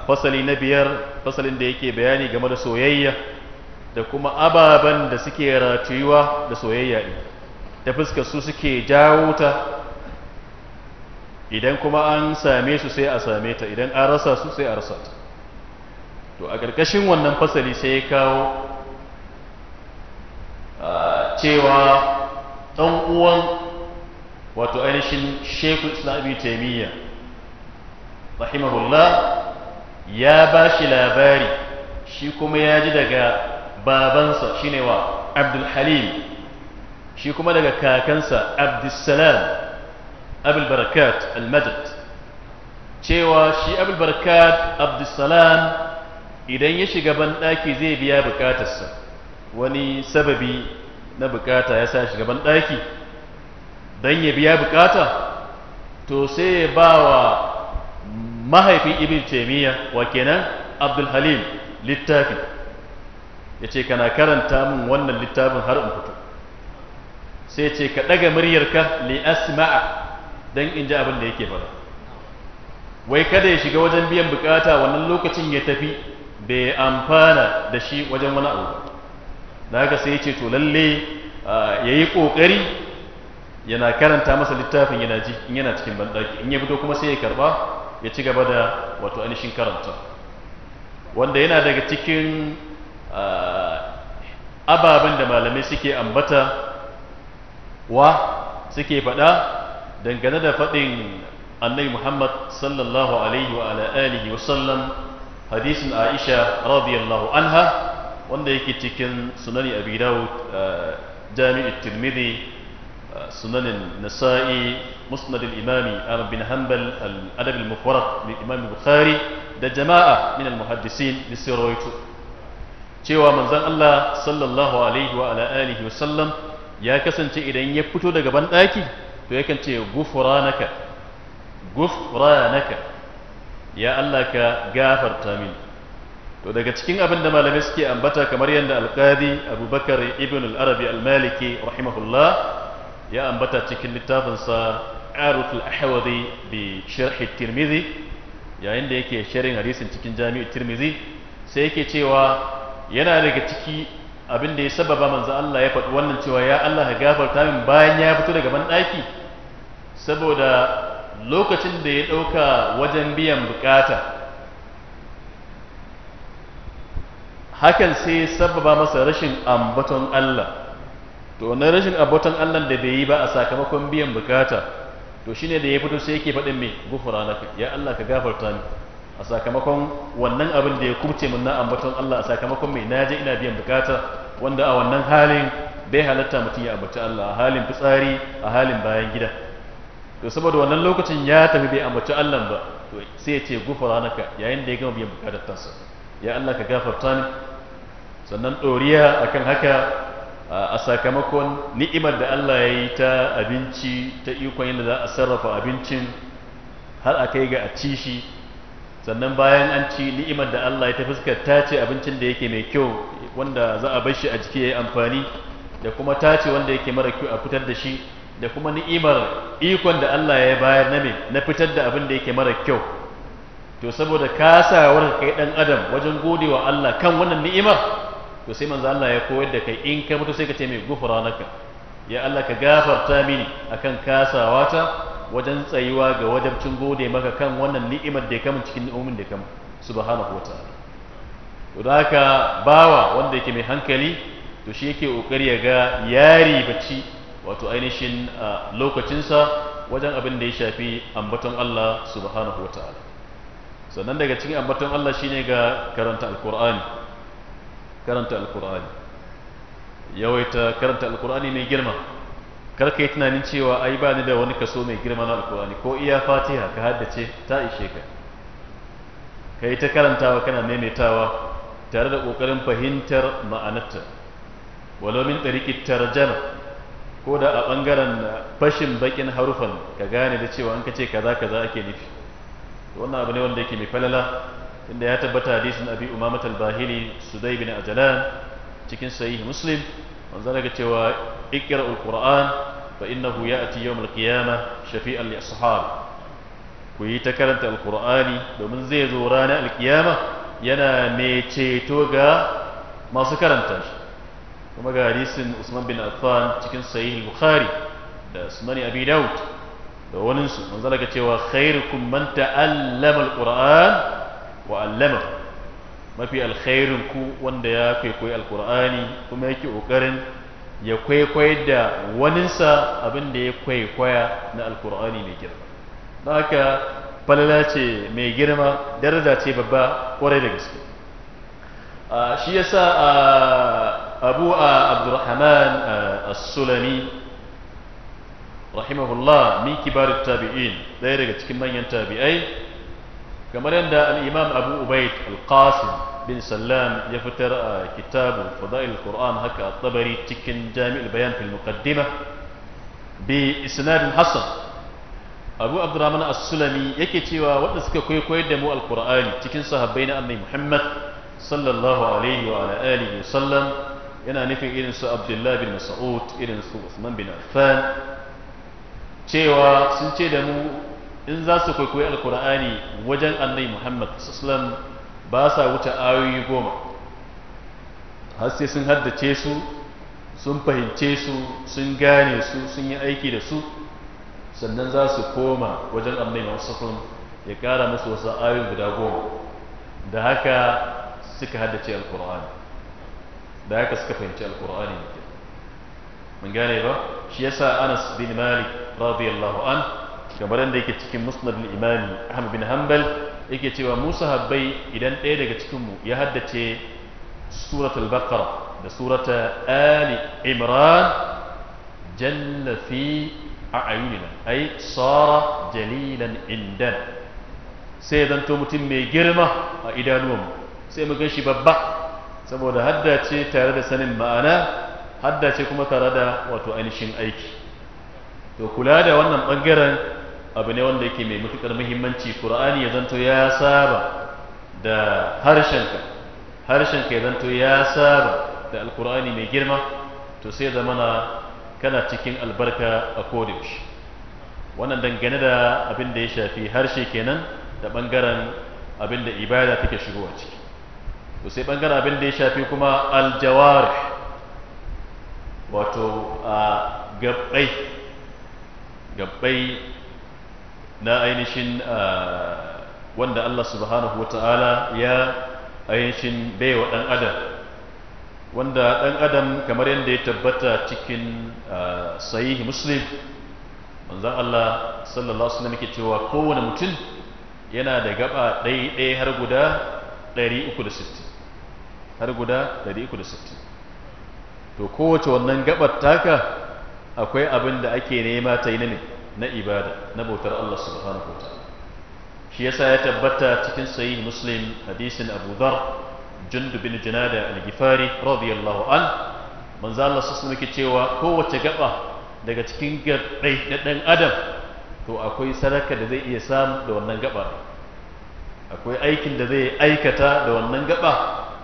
fasali na biyar fasalin da yake bayani game da soyayya da kuma ababen da suke ratuwa da soyayya ne ta fuskar su suke jawo ta idan kuma an same su sai a same ta idan an rasa su sai a rasa ta to a ƙarƙashin wannan fasali sai ya kawo cewa ɗan uwan wato ainihin shekul islam taimiyya rahimahullah ya ba shi labari shi kuma ya ji daga babansa ne wa abdulhalim shi kuma daga kakansa abdulsalam abulbarakat Almadad cewa shi abulbarakat abdulsalam idan ya shiga banɗaki zai biya bukatarsa wani sababi na bukata ya sa shiga banɗaki don ya biya bukata to sai ya ba wa mahaifin ibn taimiyya wa kenan abdul littafin ya ce kana karanta min wannan littafin har in fito sai ce ka ɗaga muryarka li asma'a don in ji abin da yake fara wai kada ya shiga wajen biyan bukata wannan lokacin ya tafi bai amfana da shi wajen wani abu da haka sai ya ce to lalle ya yi ƙoƙari yana karanta masa littafin yana ji in yana cikin banɗaki in ya fito kuma sai ya karɓa ya ci gaba da wato ainihin karanta wanda yana daga cikin ah, ababen da malamai suke ambata wa suke faɗa dangane da faɗin annabi muhammad sallallahu alaihi wa alihi wa sallam hadisin aisha radiyallahu anha wanda yake cikin sunani abi dawud ah, jami'ut tirmidhi سنن النسائي مسند الإمام أحمد بن حنبل الأدب المفرد للإمام البخاري ده جماعة من المحدثين cewa manzon Allah sallallahu alaihi wa ala alihi wasallam ya kasance idan ya fito daga ban daki to yakan ce gufranaka gufranaka ya Allah ka gafarta min. to daga cikin abin da malamai suke ambata kamar yadda alqadi Abubakar ibn al-Arabi al-Maliki rahimahullah ya ambata cikin littafinsa arutul ahwadi bi sharhi tirmidhi yayin da yake sharhin hadisin cikin jami'u tirmidhi sai yake cewa yana daga ciki abin da ya sababa manzo Allah ya faɗi wannan cewa ya Allah ka gafarta min bayan ya fito daga ban ɗaki saboda lokacin da ya ɗauka wajen biyan bukata hakan sai ya sababa masa rashin ambaton Allah to wannan rashin abotan Allah da bai yi ba a sakamakon biyan bukata to shine da ya fito sai yake faɗin mai gufranaka ya Allah ka gafarta ni a sakamakon wannan abin da ya kubce min na ambaton Allah a sakamakon mai na je ina biyan bukata wanda a wannan halin bai halatta mutum ya abota Allah a halin fitsari a halin bayan gida to saboda wannan lokacin ya tafi bai abota Allah ba to sai ya ce gufranaka yayin da ya gama biyan bukatar tansa ya Allah ka gafarta ni sannan ɗoriya akan haka a sakamakon ni'imar da Allah ya yi ta abinci ta ikon yadda za a sarrafa abincin har a kai ga a ci shi sannan bayan an ci ni'imar da Allah ya ta fuskar tace abincin da yake mai kyau wanda za a bar shi a jiki ya yi amfani da kuma tace wanda yake mara kyau a fitar da shi da kuma ni'imar ikon da Allah ya bayar na me na fitar da abin da yake mara kyau to saboda ka kasawar kai dan adam wajen godewa Allah kan wannan ni'imar to sai manzo Allah ya koyar da kai in ka mutu sai ka ce mai gufranaka ya Allah ka gafarta mini akan ta wajen tsayuwa ga wajabcin gode maka kan wannan ni'imar da ya mun cikin ummin da ya subhanahu wataala to da haka bawa wanda yake mai hankali to shi yake kokari ya ga yari bacci wato ainihin lokacinsa wajen abin da ya shafi ambaton Allah subhanahu wataala sannan daga cikin ambaton Allah shine ga karanta alqur'ani karanta alkur'ani yawaita karanta alkur'ani mai girma kar ka yi tunanin cewa ai ba ni da wani kaso mai girma na alkur'ani ko iya fatiha ka haddace ta ishe ka ka yi ta karantawa kana maimaitawa tare da ƙoƙarin fahimtar ma'anarta walau min ɗariƙi tarjama ko da a ɓangaren fashin bakin harufan ka gane da cewa an ka ce kaza kaza ake nufi wannan abu ne wanda yake mai falala inda ya tabbata hadisin abi umamat al-bahili sudai bin ajalan cikin sahih muslim manzo daga cewa iqra al-qur'an fa innahu ya'ti yawm al-qiyamah shafi'an li ashab ku yi ta karanta al-qur'ani domin zai zo ranar al-qiyama yana mai ceto ga masu karanta shi kuma ga hadisin usman bin affan cikin sahih bukhari da sunan abi daud da waninsu manzo daga cewa khairukum man ta'allama al-qur'an wa mafi alkhairin ku wanda ya kwaikwayi alkur'ani kuma yake ƙoƙarin ya kwaikwai da waninsa abin da ya kwaikwaya na alkur'ani mai girma don haka falala ce mai girma daraja ce babba kwarai da gaske shi yasa abu a abdurrahman as-sulami rahimahullah min kibar tabi'in ɗaya daga cikin manyan tabi'ai كما عند الإمام أبو أبيت القاسم بن سلام يفتر كتاب فضائل القرآن هكا الطبري تكن جامع البيان في المقدمة بإسناد حسن أبو عبد الرحمن السلمي يكتي ودسك كوي كوي دمو القرآن تكن صحابين أمي محمد صلى الله عليه وعلى آله وسلم ينا نفي إرنس عبد الله بن مسعود إرنس عثمان بن عفان تيوا سنتي دمو in za su kwaikwayi alkur'ani wajen annai muhammad sallam ba sa wuce ayoyi goma har sai sun haddace su sun fahimce su sun gane su sun yi aiki da su sannan za su koma wajen annai muhammad ya kara musu wasu ayoyi guda goma da haka suka haddace alkur'ani da haka suka fahimci alkur'ani mun gane ba shi yasa anas bin malik radiyallahu anhu kamar da yake cikin musnad al-imami ahmad bin hanbal yake cewa Musa habbai idan ɗaya daga cikin mu ya haddace suratul baqara da surata ali imran jalla fi a'yunina ay sara jalilan indan sai to mutum mai girma a idanuwan sai mu shi babba saboda haddace tare da sanin ma'ana haddace kuma tare da wato ainihin aiki to kula da wannan bangaren abu ne wanda yake mai matuƙar muhimmanci qur'ani ya zanto ya saba da harshenka harshenka ya zanto ya saba da alkur'ani mai girma to sai zamana kana cikin albarka a kodayaushe wannan dangane da abin da ya shafi harshe kenan da bangaren abin da ibada take shigowa ciki to sai ɓangaren abin da ya shafi kuma aljawar wato a gabbai gabbai na ainihin ah, wanda Allah subhanahu wa ta'ala ya ainihin baiwa ɗan adam wanda ɗan adam kamar yadda ya tabbata cikin ah, sahihi muslim manzan Allah sallallahu alaihi wasallam yake cewa kowane mutum yana da gaba ɗaya ɗaya har guda 360 har guda 360 to kowace wannan gabar taka akwai abin da ake nema ta yi ne na ibada na bautar Allah subhanahu wa ta'ala shi yasa ya tabbata cikin sahih muslim hadisin abu dhar jund bin junada al-gifari radiyallahu an manzo Allah sallallahu alaihi cewa kowace gaba daga cikin gabai na dan adam to akwai sadaka da zai iya samu da wannan gaba akwai aikin da zai aikata da wannan gaba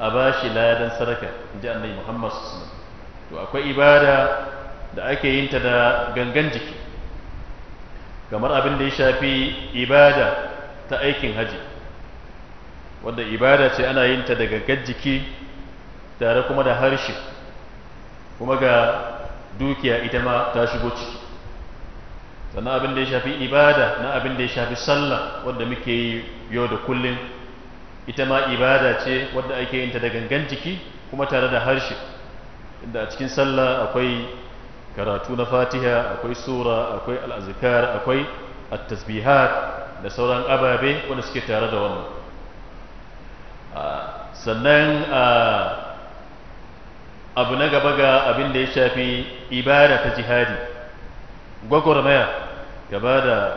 a bashi ladan sadaka inji annabi Muhammad sallallahu alaihi to akwai ibada da ake yin ta da gangan jiki kamar abin da ya shafi ibada ta aikin haji wanda ibada ce ana yin ta daga gajjiki tare kuma da harshe kuma ga dukiya ita ma ta shigo ciki sannan abin da ya shafi ibada na abin da ya shafi sallah wadda muke yi yau da kullum ita ma ibada ce wadda ake yin ta da gangan jiki kuma tare da harshe inda a cikin sallah akwai karatu na fatiha akwai sura akwai al'azikar akwai at da sauran ababe wanda suke tare da wannan ah, sannan ah, abu na gaba ga abin da ya shafi ibada ta jihadi gwagwarmaya gaba da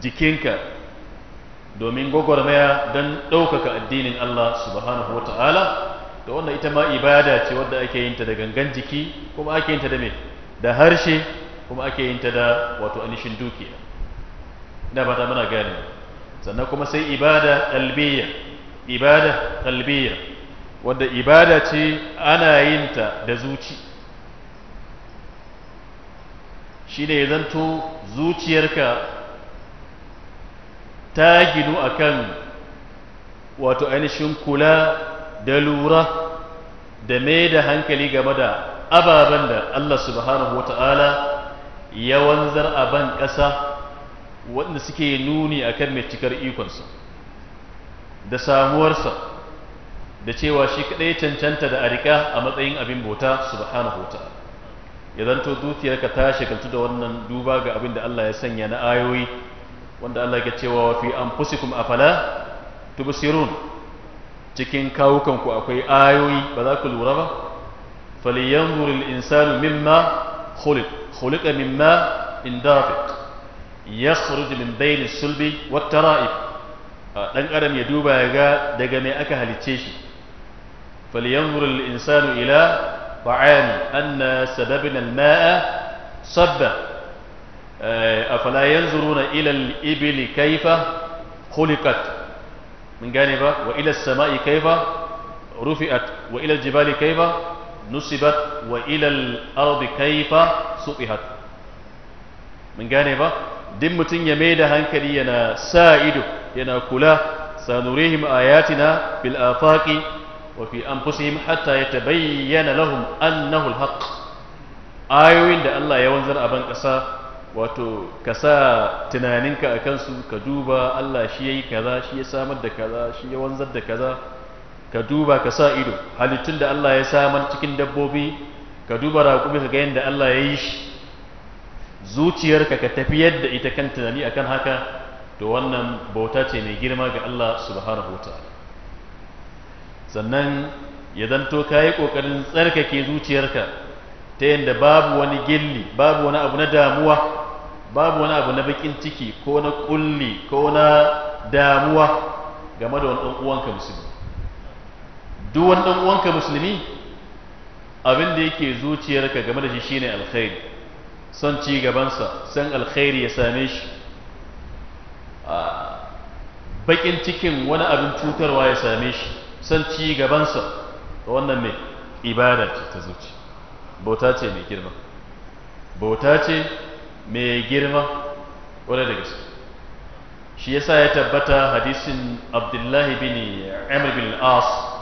jikinka domin gwagwarmaya don ɗaukaka addinin Allah subhanahu wa ta'ala da wannan ita ma ibada ce wadda ake yinta da gangan jiki kuma ake yinta da mai da harshe kuma ake yin ta da wato anishin dukiya ina ba ta muna gane sannan kuma sai ibada kalbiya ibada kalbiya wanda ibada ce ana yin ta da zuci shi ne zanto zuciyarka ta ginu akan wato ainihin kula da lura da mai da hankali game da ababen da Allah subhanahu ta'ala ya wanzar a ban ƙasa waɗanda suke nuni a kan mai cikar ikonsa da samuwarsa da cewa shi kaɗai cancanta da arika a matsayin abin bauta subhanahu ta'ala. ya zanto ka ta shekaltu da wannan duba ga abin da Allah ya sanya na ayoyi wanda Allah ya cewa wa fi an a fala tubusirun cikin kawukanku akwai ayoyi ba za ku lura ba فلينظر الإنسان مما خلق خلق مما اندافق يخرج من بين السلب والترائب دان ادم ya duba ya ga daga me aka halicce shi falyanzur al-insanu ila ta'ami anna sababna al-ma'a sabba afala yanzuruna ila al-ibli kayfa khuliqat min gane ba wa ila as-sama'i kayfa rufi'at wa ila al-jibali kayfa nusibat wa ilal ardi kaifa subihat mun gane ba duk mutum ya mai da hankali yana sa ido yana kula sanurihim ayatina fil afaqi wa fi anfusihim hatta yatabayyana lahum annahu alhaq ayoyin da Allah ya wanzar a ban kasa wato ka sa tunaninka a kansu ka duba Allah shi yayi kaza shi ya samar da kaza shi ya wanzar da kaza ka duba ka sa ido halittun da Allah ya samar cikin dabbobi ka duba raƙumi ka ga yadda Allah ya yi shi zuciyarka ka tafi yadda ita kan tunani akan haka to wannan bauta ce mai girma ga Allah subhanahu wa sannan ya zanto ka yi ƙoƙarin tsarkake zuciyarka ta yadda babu wani gilli babu wani abu na damuwa babu wani abu na bakin ciki ko na ƙulli ko na damuwa game da wani uwanka musulmi duk wani dan uwanka musulmi abin da yake zuciyarka game da shi shine alkhairi son ci gabansa san alkhairi ya same shi ah, bakin cikin wani abin cutarwa ya same shi son ci gabansa wannan mai ibada ce ta zuci bauta ce mai girma bauta ce mai girma wadda da gaske shi yasa ya tabbata hadisin abdullahi bin amr bin al-as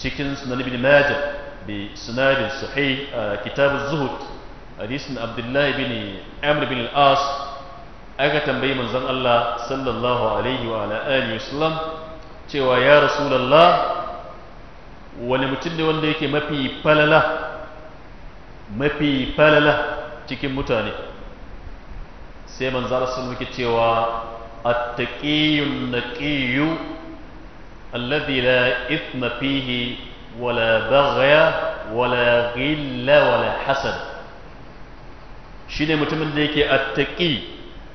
cikin sunan ibn majah bi sunadin sahih a az-zuhud hadisin abdullahi bin amr bin al-as aka tambayi manzon Allah sallallahu alaihi wa ala alihi wasallam cewa ya rasulullah wani mutum ne wanda yake mafi falala mafi falala cikin mutane sai manzara sun muke cewa attaqiyyun naqiyyu الذي لا إثم فيه ولا بغي ولا غل ولا حسد shine mutumin da yake attaki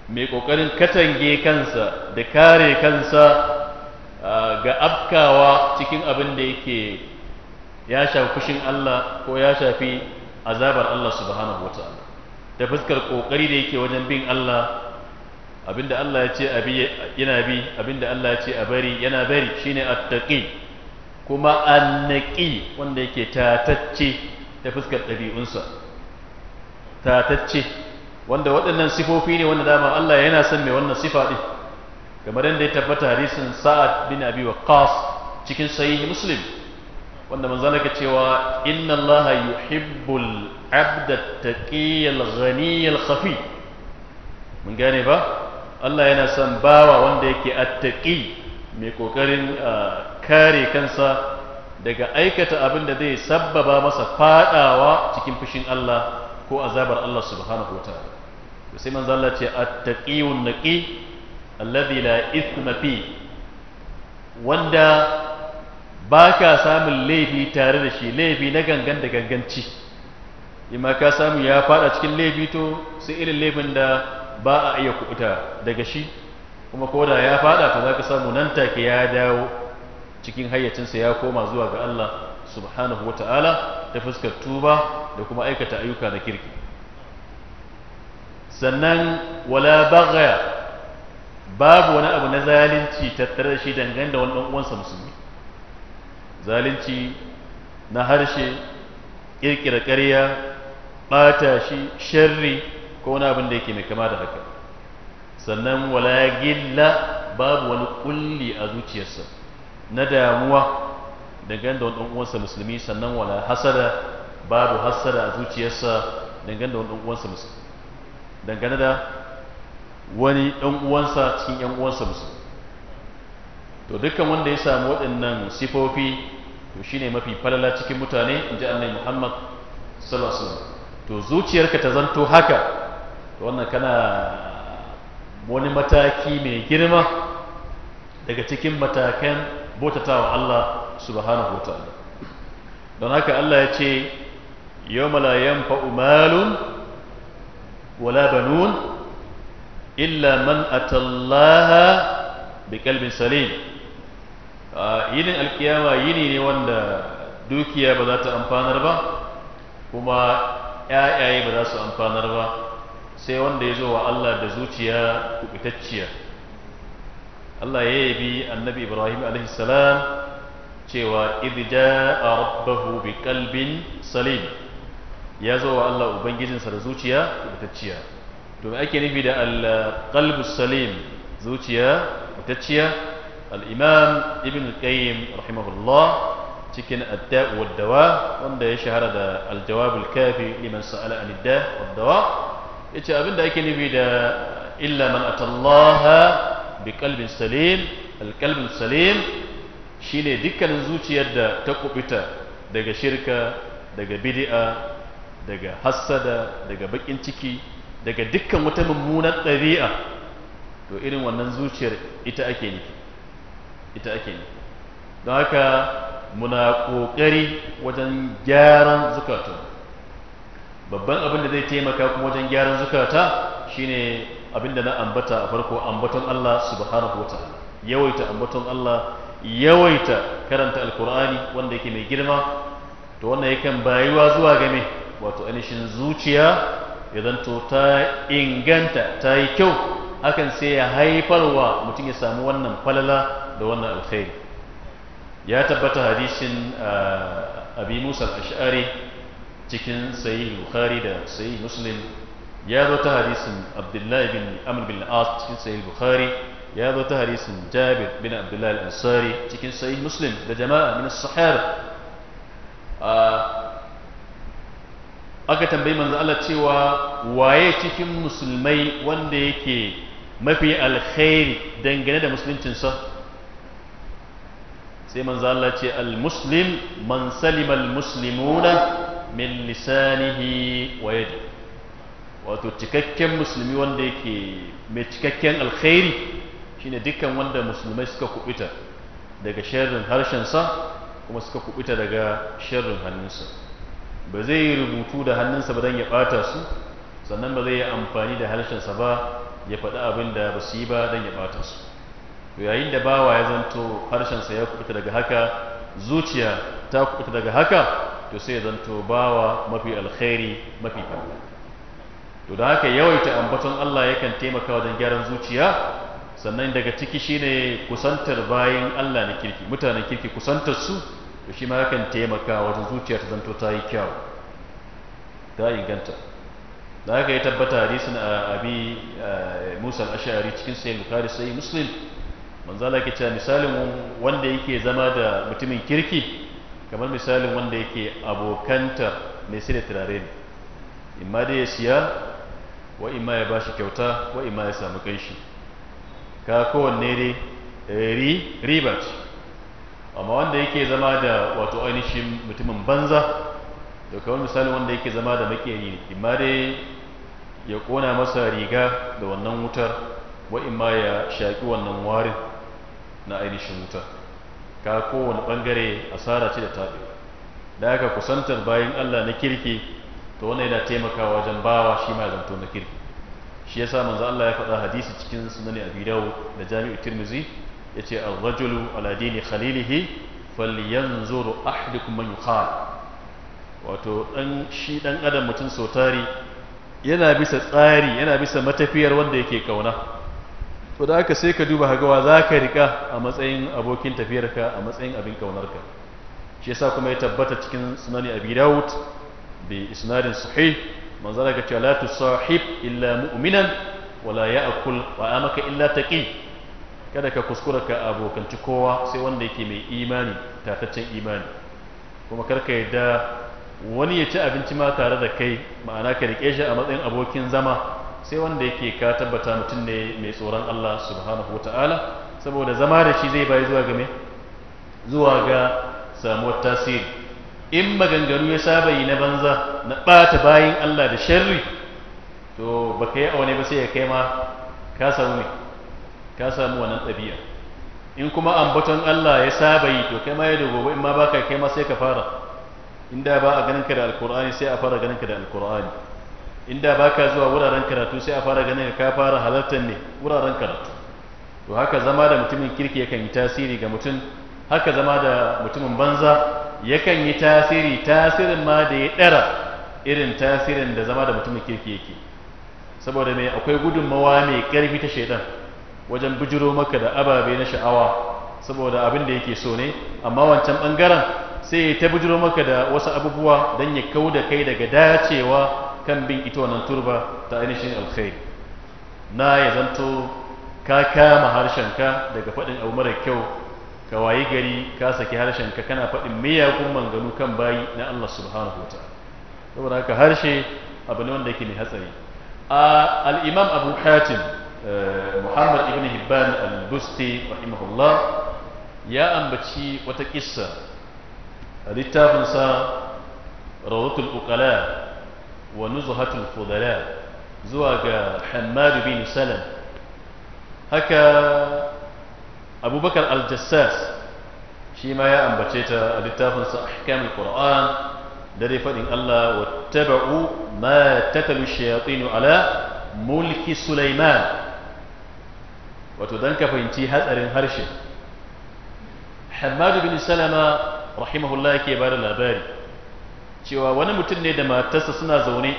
mai kokarin katange kansa da kare kansa ga afkawa cikin abin da yake ya shafi fushin Allah ko ya shafi azabar Allah subhanahu wataala da fuskar kokari da yake wajen bin Allah abinda Allah ya ce abi yana bi abinda Allah ya ce a bari yana bari shine attaqi kuma annaqi wanda yake tatacce ta fuskar ɗabi'unsa tatacce wanda waɗannan sifofi ne wanda dama Allah yana son mai wannan sifa din kamar yadda ya tabbata hadisin Sa'ad bin Abi Waqqas cikin sahih Muslim wanda manzon ka cewa inna Allah yuhibbul abda at-taqiyal ghaniyal khafi mun gane ba Allah yana son bawa wanda yake attaki mai kokarin ah, kare kansa daga aikata abin da zai sabbaba masa fadawa cikin fushin Allah ko azabar Allah subhanahu wataala sai manzo Allah ce attaqiyun naqi alladhi la ithma fi wanda baka samun laifi tare da shi laifi na gangan da ganganci imma ka samu ya fada cikin laifi to sai irin laifin da ba a iya kuɓuta daga shi kuma ko da ya fada ta za ka samu nan take ya dawo cikin hayyacinsa ya koma zuwa ga Allah subhanahu wa ta'ala ta fuskar tuba da kuma aikata ayyuka na kirki sannan wala bagaya babu wani abu na zalunci tattare da shi dangane da wani uwansa musulmi zalunci na harshe kirkira ƙarya ɓata shi sharri ko wani abin da yake mai kama da haka sannan wala gilla babu wani kulli a zuciyarsa na damuwa dangane da wani uwansa musulmi sannan wala hasada babu hasada a zuciyarsa dangane da wani uwansa musulmi dangane da wani ɗan uwansa cikin ƴan uwansa musulmi to dukkan wanda ya samu waɗannan sifofi to shine mafi falala cikin mutane inji annabi Muhammad sallallahu alaihi wasallam to zuciyarka ta zanto haka wannan kana wani mataki mai girma daga cikin matakan wa Allah subhanahu wa ta'ala don haka Allah ya ce yawma la yanfa'u wala banun illa man atallaha kalbin salim yinin alkiyama yini ne wanda dukiya ba za ta amfanar ba kuma yayaye ba za su amfanar ba sai wanda ya zo wa Allah da zuciya kubitacciya Allah ya yabi annabi Ibrahim alaihi salam cewa idja rabbahu bi kalbin salim ya zo wa Allah ubangijin sa da zuciya kubitacciya to ake nufi da al qalbu salim zuciya kubitacciya al-imam ibn qayyim rahimahullah cikin adda'u wad dawa wanda ya shahara da al-jawab al-kafi liman sa'ala an ad-da' wad dawa yace abin da ake nufi da illa man atallaha bi kalbin salim alkalbin salim shine dukkanin zuciyar da ta kubuta daga shirka daga bid'a daga hassada daga bakin ciki daga dukkan wata mummunar ɗabi'a to irin wannan zuciyar ita ake nufi ita ake nufi don haka muna ƙoƙari wajen gyaran zukatun babban abin da zai taimaka kuma wajen gyaran zukata shine abin da na ambata a farko ambaton Allah subhanahu wataala yawaita ambaton Allah yawaita karanta alkur'ani wanda yake mai girma to wannan yakan bayuwa zuwa ga me wato anishin zuciya idan to ta inganta ta yi kyau hakan sai ya haifarwa mutum ya samu wannan falala da wannan alkhairi ya tabbata hadisin ah, abi musa al-ash'ari cikin sayi bukhari da sayi muslim ya zo ta hadisin abdullahi bin amr bin as cikin sayi bukhari ya zo ta hadisin jabir bin abdullahi al-ansari cikin sayi muslim da jama'a min sahara aka tambayi manzo Allah cewa waye cikin musulmai wanda yake mafi alkhairi dangane da musuluncinsa sai manzo Allah ce al-muslim man salima al-muslimuna min lisanihi wa yadi wato cikakken musulmi wanda yake mai cikakken alkhairi shine dukkan wanda musulmai suka kubuta daga sharrin harshensa kuma suka kubuta daga sharrin hannunsa ba zai rubutu da hannunsa ba don ya bata su sannan ba zai yi amfani da harshensa ba ya faɗi abin da ba su yi ba don ya bata su to yayin da bawa ya zanto harshensa ya kubuta daga haka zuciya ta kubuta daga haka to sai zanto bawa mafi alkhairi mafi falla to da haka yawaita ambaton Allah yakan taimaka wajen gyaran zuciya sannan daga ciki shine kusantar bayin Allah na kirki mutanen kirki kusantar su to shi ma yakan taimaka wajen zuciya ta zanto ta yi kyau ta inganta da haka ya tabbata hadisin abi Musa al-Ash'ari cikin sahih Bukhari sahih Muslim manzala ke cewa misalin wanda yake zama da mutumin kirki kamar misalin wanda yake abokanta mai sai da turare ne imma dai ya siya wa imma ya bashi kyauta wa imma ya samu kanshi ka kowanne ne eh, ribat amma wanda yake zama da wato ainihin mutumin banza da kamar misalin wanda yake zama da makeri ne imma dai ya kona masa riga da wannan wutar wa imma ya shaƙi wannan warin na ainihin wutar ka kowane bangare asara ce da tabe da haka kusantar bayan Allah na kirki to wannan yana taimakawa wajen bawa shi ma zanto na kirki shi yasa manzo Allah ya faɗa hadisi cikin sunan Abi Dawud da Jami'u Tirmidhi yace ar-rajulu ala dini khalilihi falyanzur ahadukum man yuqal wato dan shi dan adam mutum sautari yana bisa tsari yana bisa matafiyar wanda yake kauna to da haka sai ka duba hagawa za ka rika a matsayin abokin tafiyarka a matsayin abin ƙaunarka shi yasa kuma ya tabbata cikin sunani abi dawud bi isnadin sahih manzo daga cewa la tusahib illa mu'minan wala ya'kul maka illa taqi kada ka kuskura ka abokanci kowa sai wanda yake mai imani tataccen imani kuma karka yadda wani ya ci abinci ma tare da kai ma'ana ka rike shi a matsayin abokin zama sai wanda yake ka tabbata mutum ne mai tsoron Allah subhanahu wa ta'ala saboda zama da shi zai bayi zuwa ga me zuwa ga samuwar tasiri in maganganu ya saba yi na banza na ɓata bayin Allah da sharri to ka yi aune ba sai ya kai ma ka samu ne ka samu wannan ɗabi'a in kuma ambaton Allah ya saba yi to kai ma ya dogo in ma baka kai ma sai ka fara inda ba a ganin ka da alkur'ani sai a fara ganin ka da alkur'ani inda baka zuwa wuraren karatu sai a fara ganin ka fara halartar ne wuraren karatu to haka zama da mutumin kirki yakan yi tasiri ga mutum haka zama da mutumin banza yakan yi tasiri tasirin ma da ya dara irin tasirin da zama da mutumin kirki yake saboda mai akwai gudunmawa mai karfi ta shaidan wajen bujiro maka da ababe na sha'awa saboda abin da yake so ne amma wancan bangaren sai ta bujiro maka da wasu abubuwa don ya kau da kai daga dacewa kan bin ita wannan turba ta ainihin alkhairi na ya zanto ka kama harshenka daga faɗin abu mara kyau ka wayi gari ka saki harshenka kana faɗin miyagun manganu kan bayi na Allah subhanahu wa saboda haka harshe abu ne wanda yake mai hatsari al-imam abu hatim eh, muhammad ibn hibban al-busti rahimahullah ya ambaci wata kissa a littafinsa rawatul ukala ونزهة الفضلاء زواج حماد بن سلم هكا أبو بكر الجساس شيما يا بشيتا الاتفاق أحكام القرآن دري فإن الله واتبعوا ما تتلو الشياطين على ملك سليمان وتدنك فإنتي هذا هرشي حماد بن سلمة رحمه الله كبار الأباري cewa wani mutum ne da matarsa suna zaune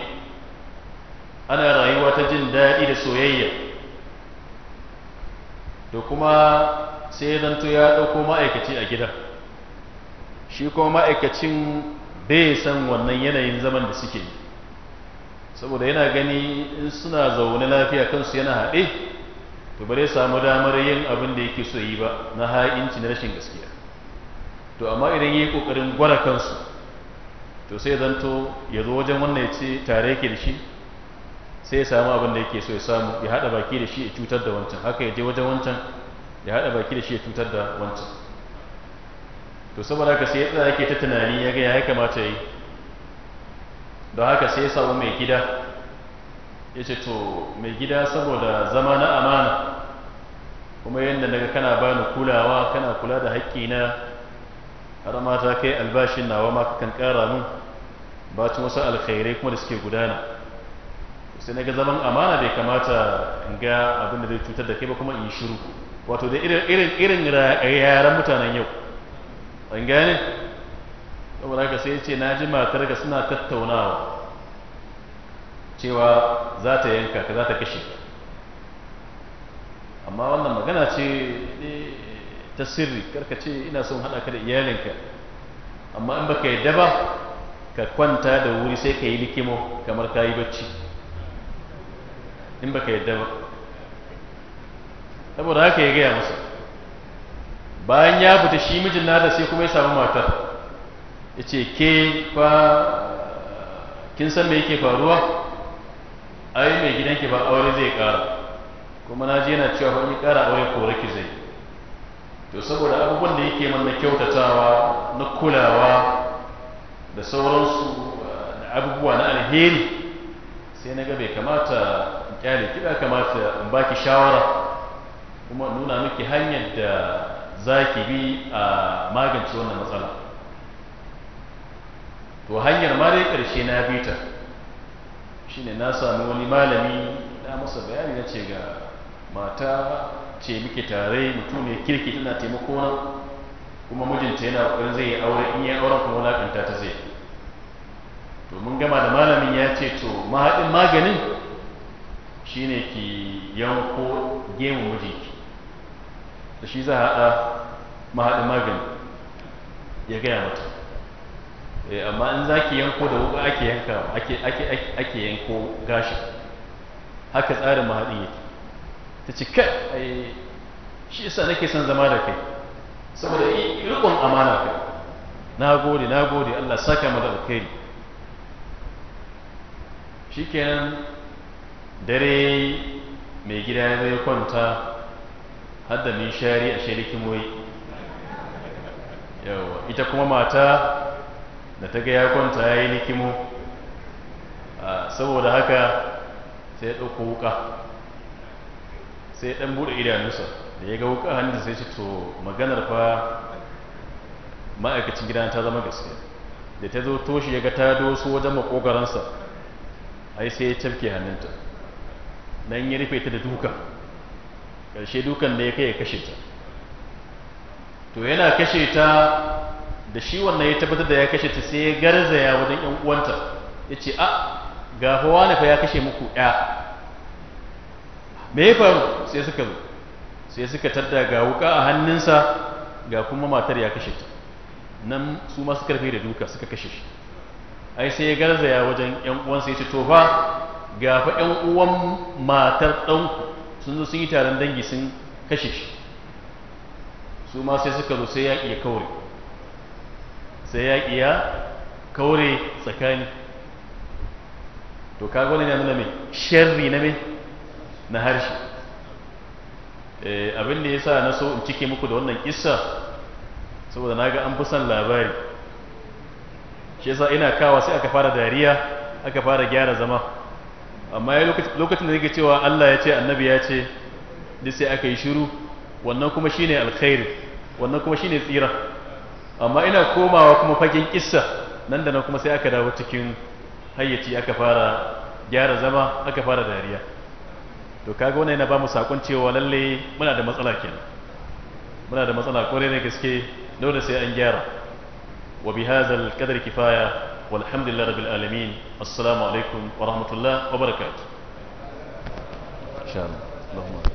ana rayuwa ta jin daɗi da soyayya da kuma sai zanto ya ɗauko ma'aikaci a gida shi kuma ma'aikacin bai san wannan yanayin zaman da suke yi saboda yana gani in suna zaune lafiya kansu yana haɗe to bare samu damar yin abin da yake so yi ba na ha'inci na rashin gaskiya to amma idan yi ƙoƙarin gwara kansu to sai zanto ya zo wajen wannan ya ce tare yake da shi sai ya samu abin da yake so ya samu ya haɗa baki da shi ya cutar da wancan haka ya je wajen wancan ya haɗa baki da shi ya cutar da wancan to saboda haka sai ya tsaya yake ta tunani ya ga ya kamata yi don haka sai ya samu mai gida ya ce to mai gida saboda zama na amana kuma yadda daga kana bani kulawa kana kula da haƙƙina har mata kai albashin nawa ma kan ƙara mun bacin wasu alkhairai kuma da suke gudana sai na ga zaman amana bai kamata in ga abinda zai cutar da kai ba kuma in shiru wato da irin mutanen yau an gane saboda haka sai ce na ji matar ga suna tattaunawa cewa za ta yanka ka za ta kashe amma wannan magana ce ta sirri karka ce ina son haɗa ka da iyalinka amma in baka yadda ba ka kwanta da wuri sai ka yi likimo kamar ka yi bacci in ba ka yadda ba saboda haka ya gaya masa bayan ya fita shi mijin nata sai kuma ya samu matar ya ce ke fa kin san me yake faruwa ai mai gidanki ba aure zai kara kuma na je yana cewa ba kara aure kore ki zai to saboda abubuwan da yake man na kyautatawa na kulawa da sauransu eh, da abubuwa na alheri sai na ga bai kamata in kyale kiɗa kamata in baki shawara kuma nuna miki hanyar da za ki bi a magance wannan matsala to hanyar ma dai ƙarshe na bi ta shine na sami wani malami na masa bayani na ce ga mata ce miki tare mutum ne kirki tana taimako na kuma mijinta yana kokarin zai yi aure in yi auren kuma wulakanta ta zai to mun gama da malamin ya ce to mahaɗin maganin shine ki yanko gemu mijinki da shi za a haɗa mahaɗin magani ya gaya mata eh, amma in za ki yanko da wuka ake yanka ake yanko gashi haka tsarin mahaɗin yake ta ce kai shi isa nake son zama da kai saboda rikon amana ka na gode na gode Allah saka mu da alkhairi kenan dare mai gida ya zai kwanta har da shari a shirikin wai yawa ita kuma mata da ta ga ya kwanta ya yi likimo saboda haka sai ya ɗauko wuka sai ya ɗan buɗe idanunsa da ya ga wuka hannun sai ce to maganar fa ma'aikacin gidan ta zama gaske da ta zo toshi ya ga ta doso wajen makogaransa ai sai ya cafke hannunta nan ya rufe ta da duka ƙarshe dukan da ya kai ya kashe ta to yana kashe ta da shi wannan ya tabbatar da ya kashe ta sai ya garzaya wajen yan uwanta ya ce a ah, gafawa ne fa ya kashe muku ya me ya faru sai suka zo sai suka tadda ga wuka a hannunsa ga kuma matar ya kashe ta nan su masu karfi da duka suka kashe shi ai sai ya garzaya wajen yan sai ya ce to fa ga fa yan uwan matar dan sun zo sun yi taron dangi sun kashe shi su ma sai suka zo sai ya iya kaure sai ya iya kaure tsakani to kaga wannan ya nuna mai sharri na mai na harshe Eh, abin da ya sa na so in cike muku da wannan kissa saboda na ga an fi son labari shi yasa ina kawa sai aka fara dariya aka fara gyara zama amma lokacin da nake cewa Allah ya ce annabi ya ce duk sai aka yi shiru wannan kuma shine alkhairi wannan kuma shine tsira amma ina komawa kuma fagen kissa nan da nan kuma sai aka dawo cikin hayyaci aka fara gyara zama aka fara dariya to kaga wannan yana ba mu sakon cewa lalle muna da matsala kenan muna da matsala kore ne gaske dole sai an gyara wa bi hadzal qadar kifaya walhamdulillahi rabbil alamin assalamu alaikum wa rahmatullah wa barakatuh insha Allah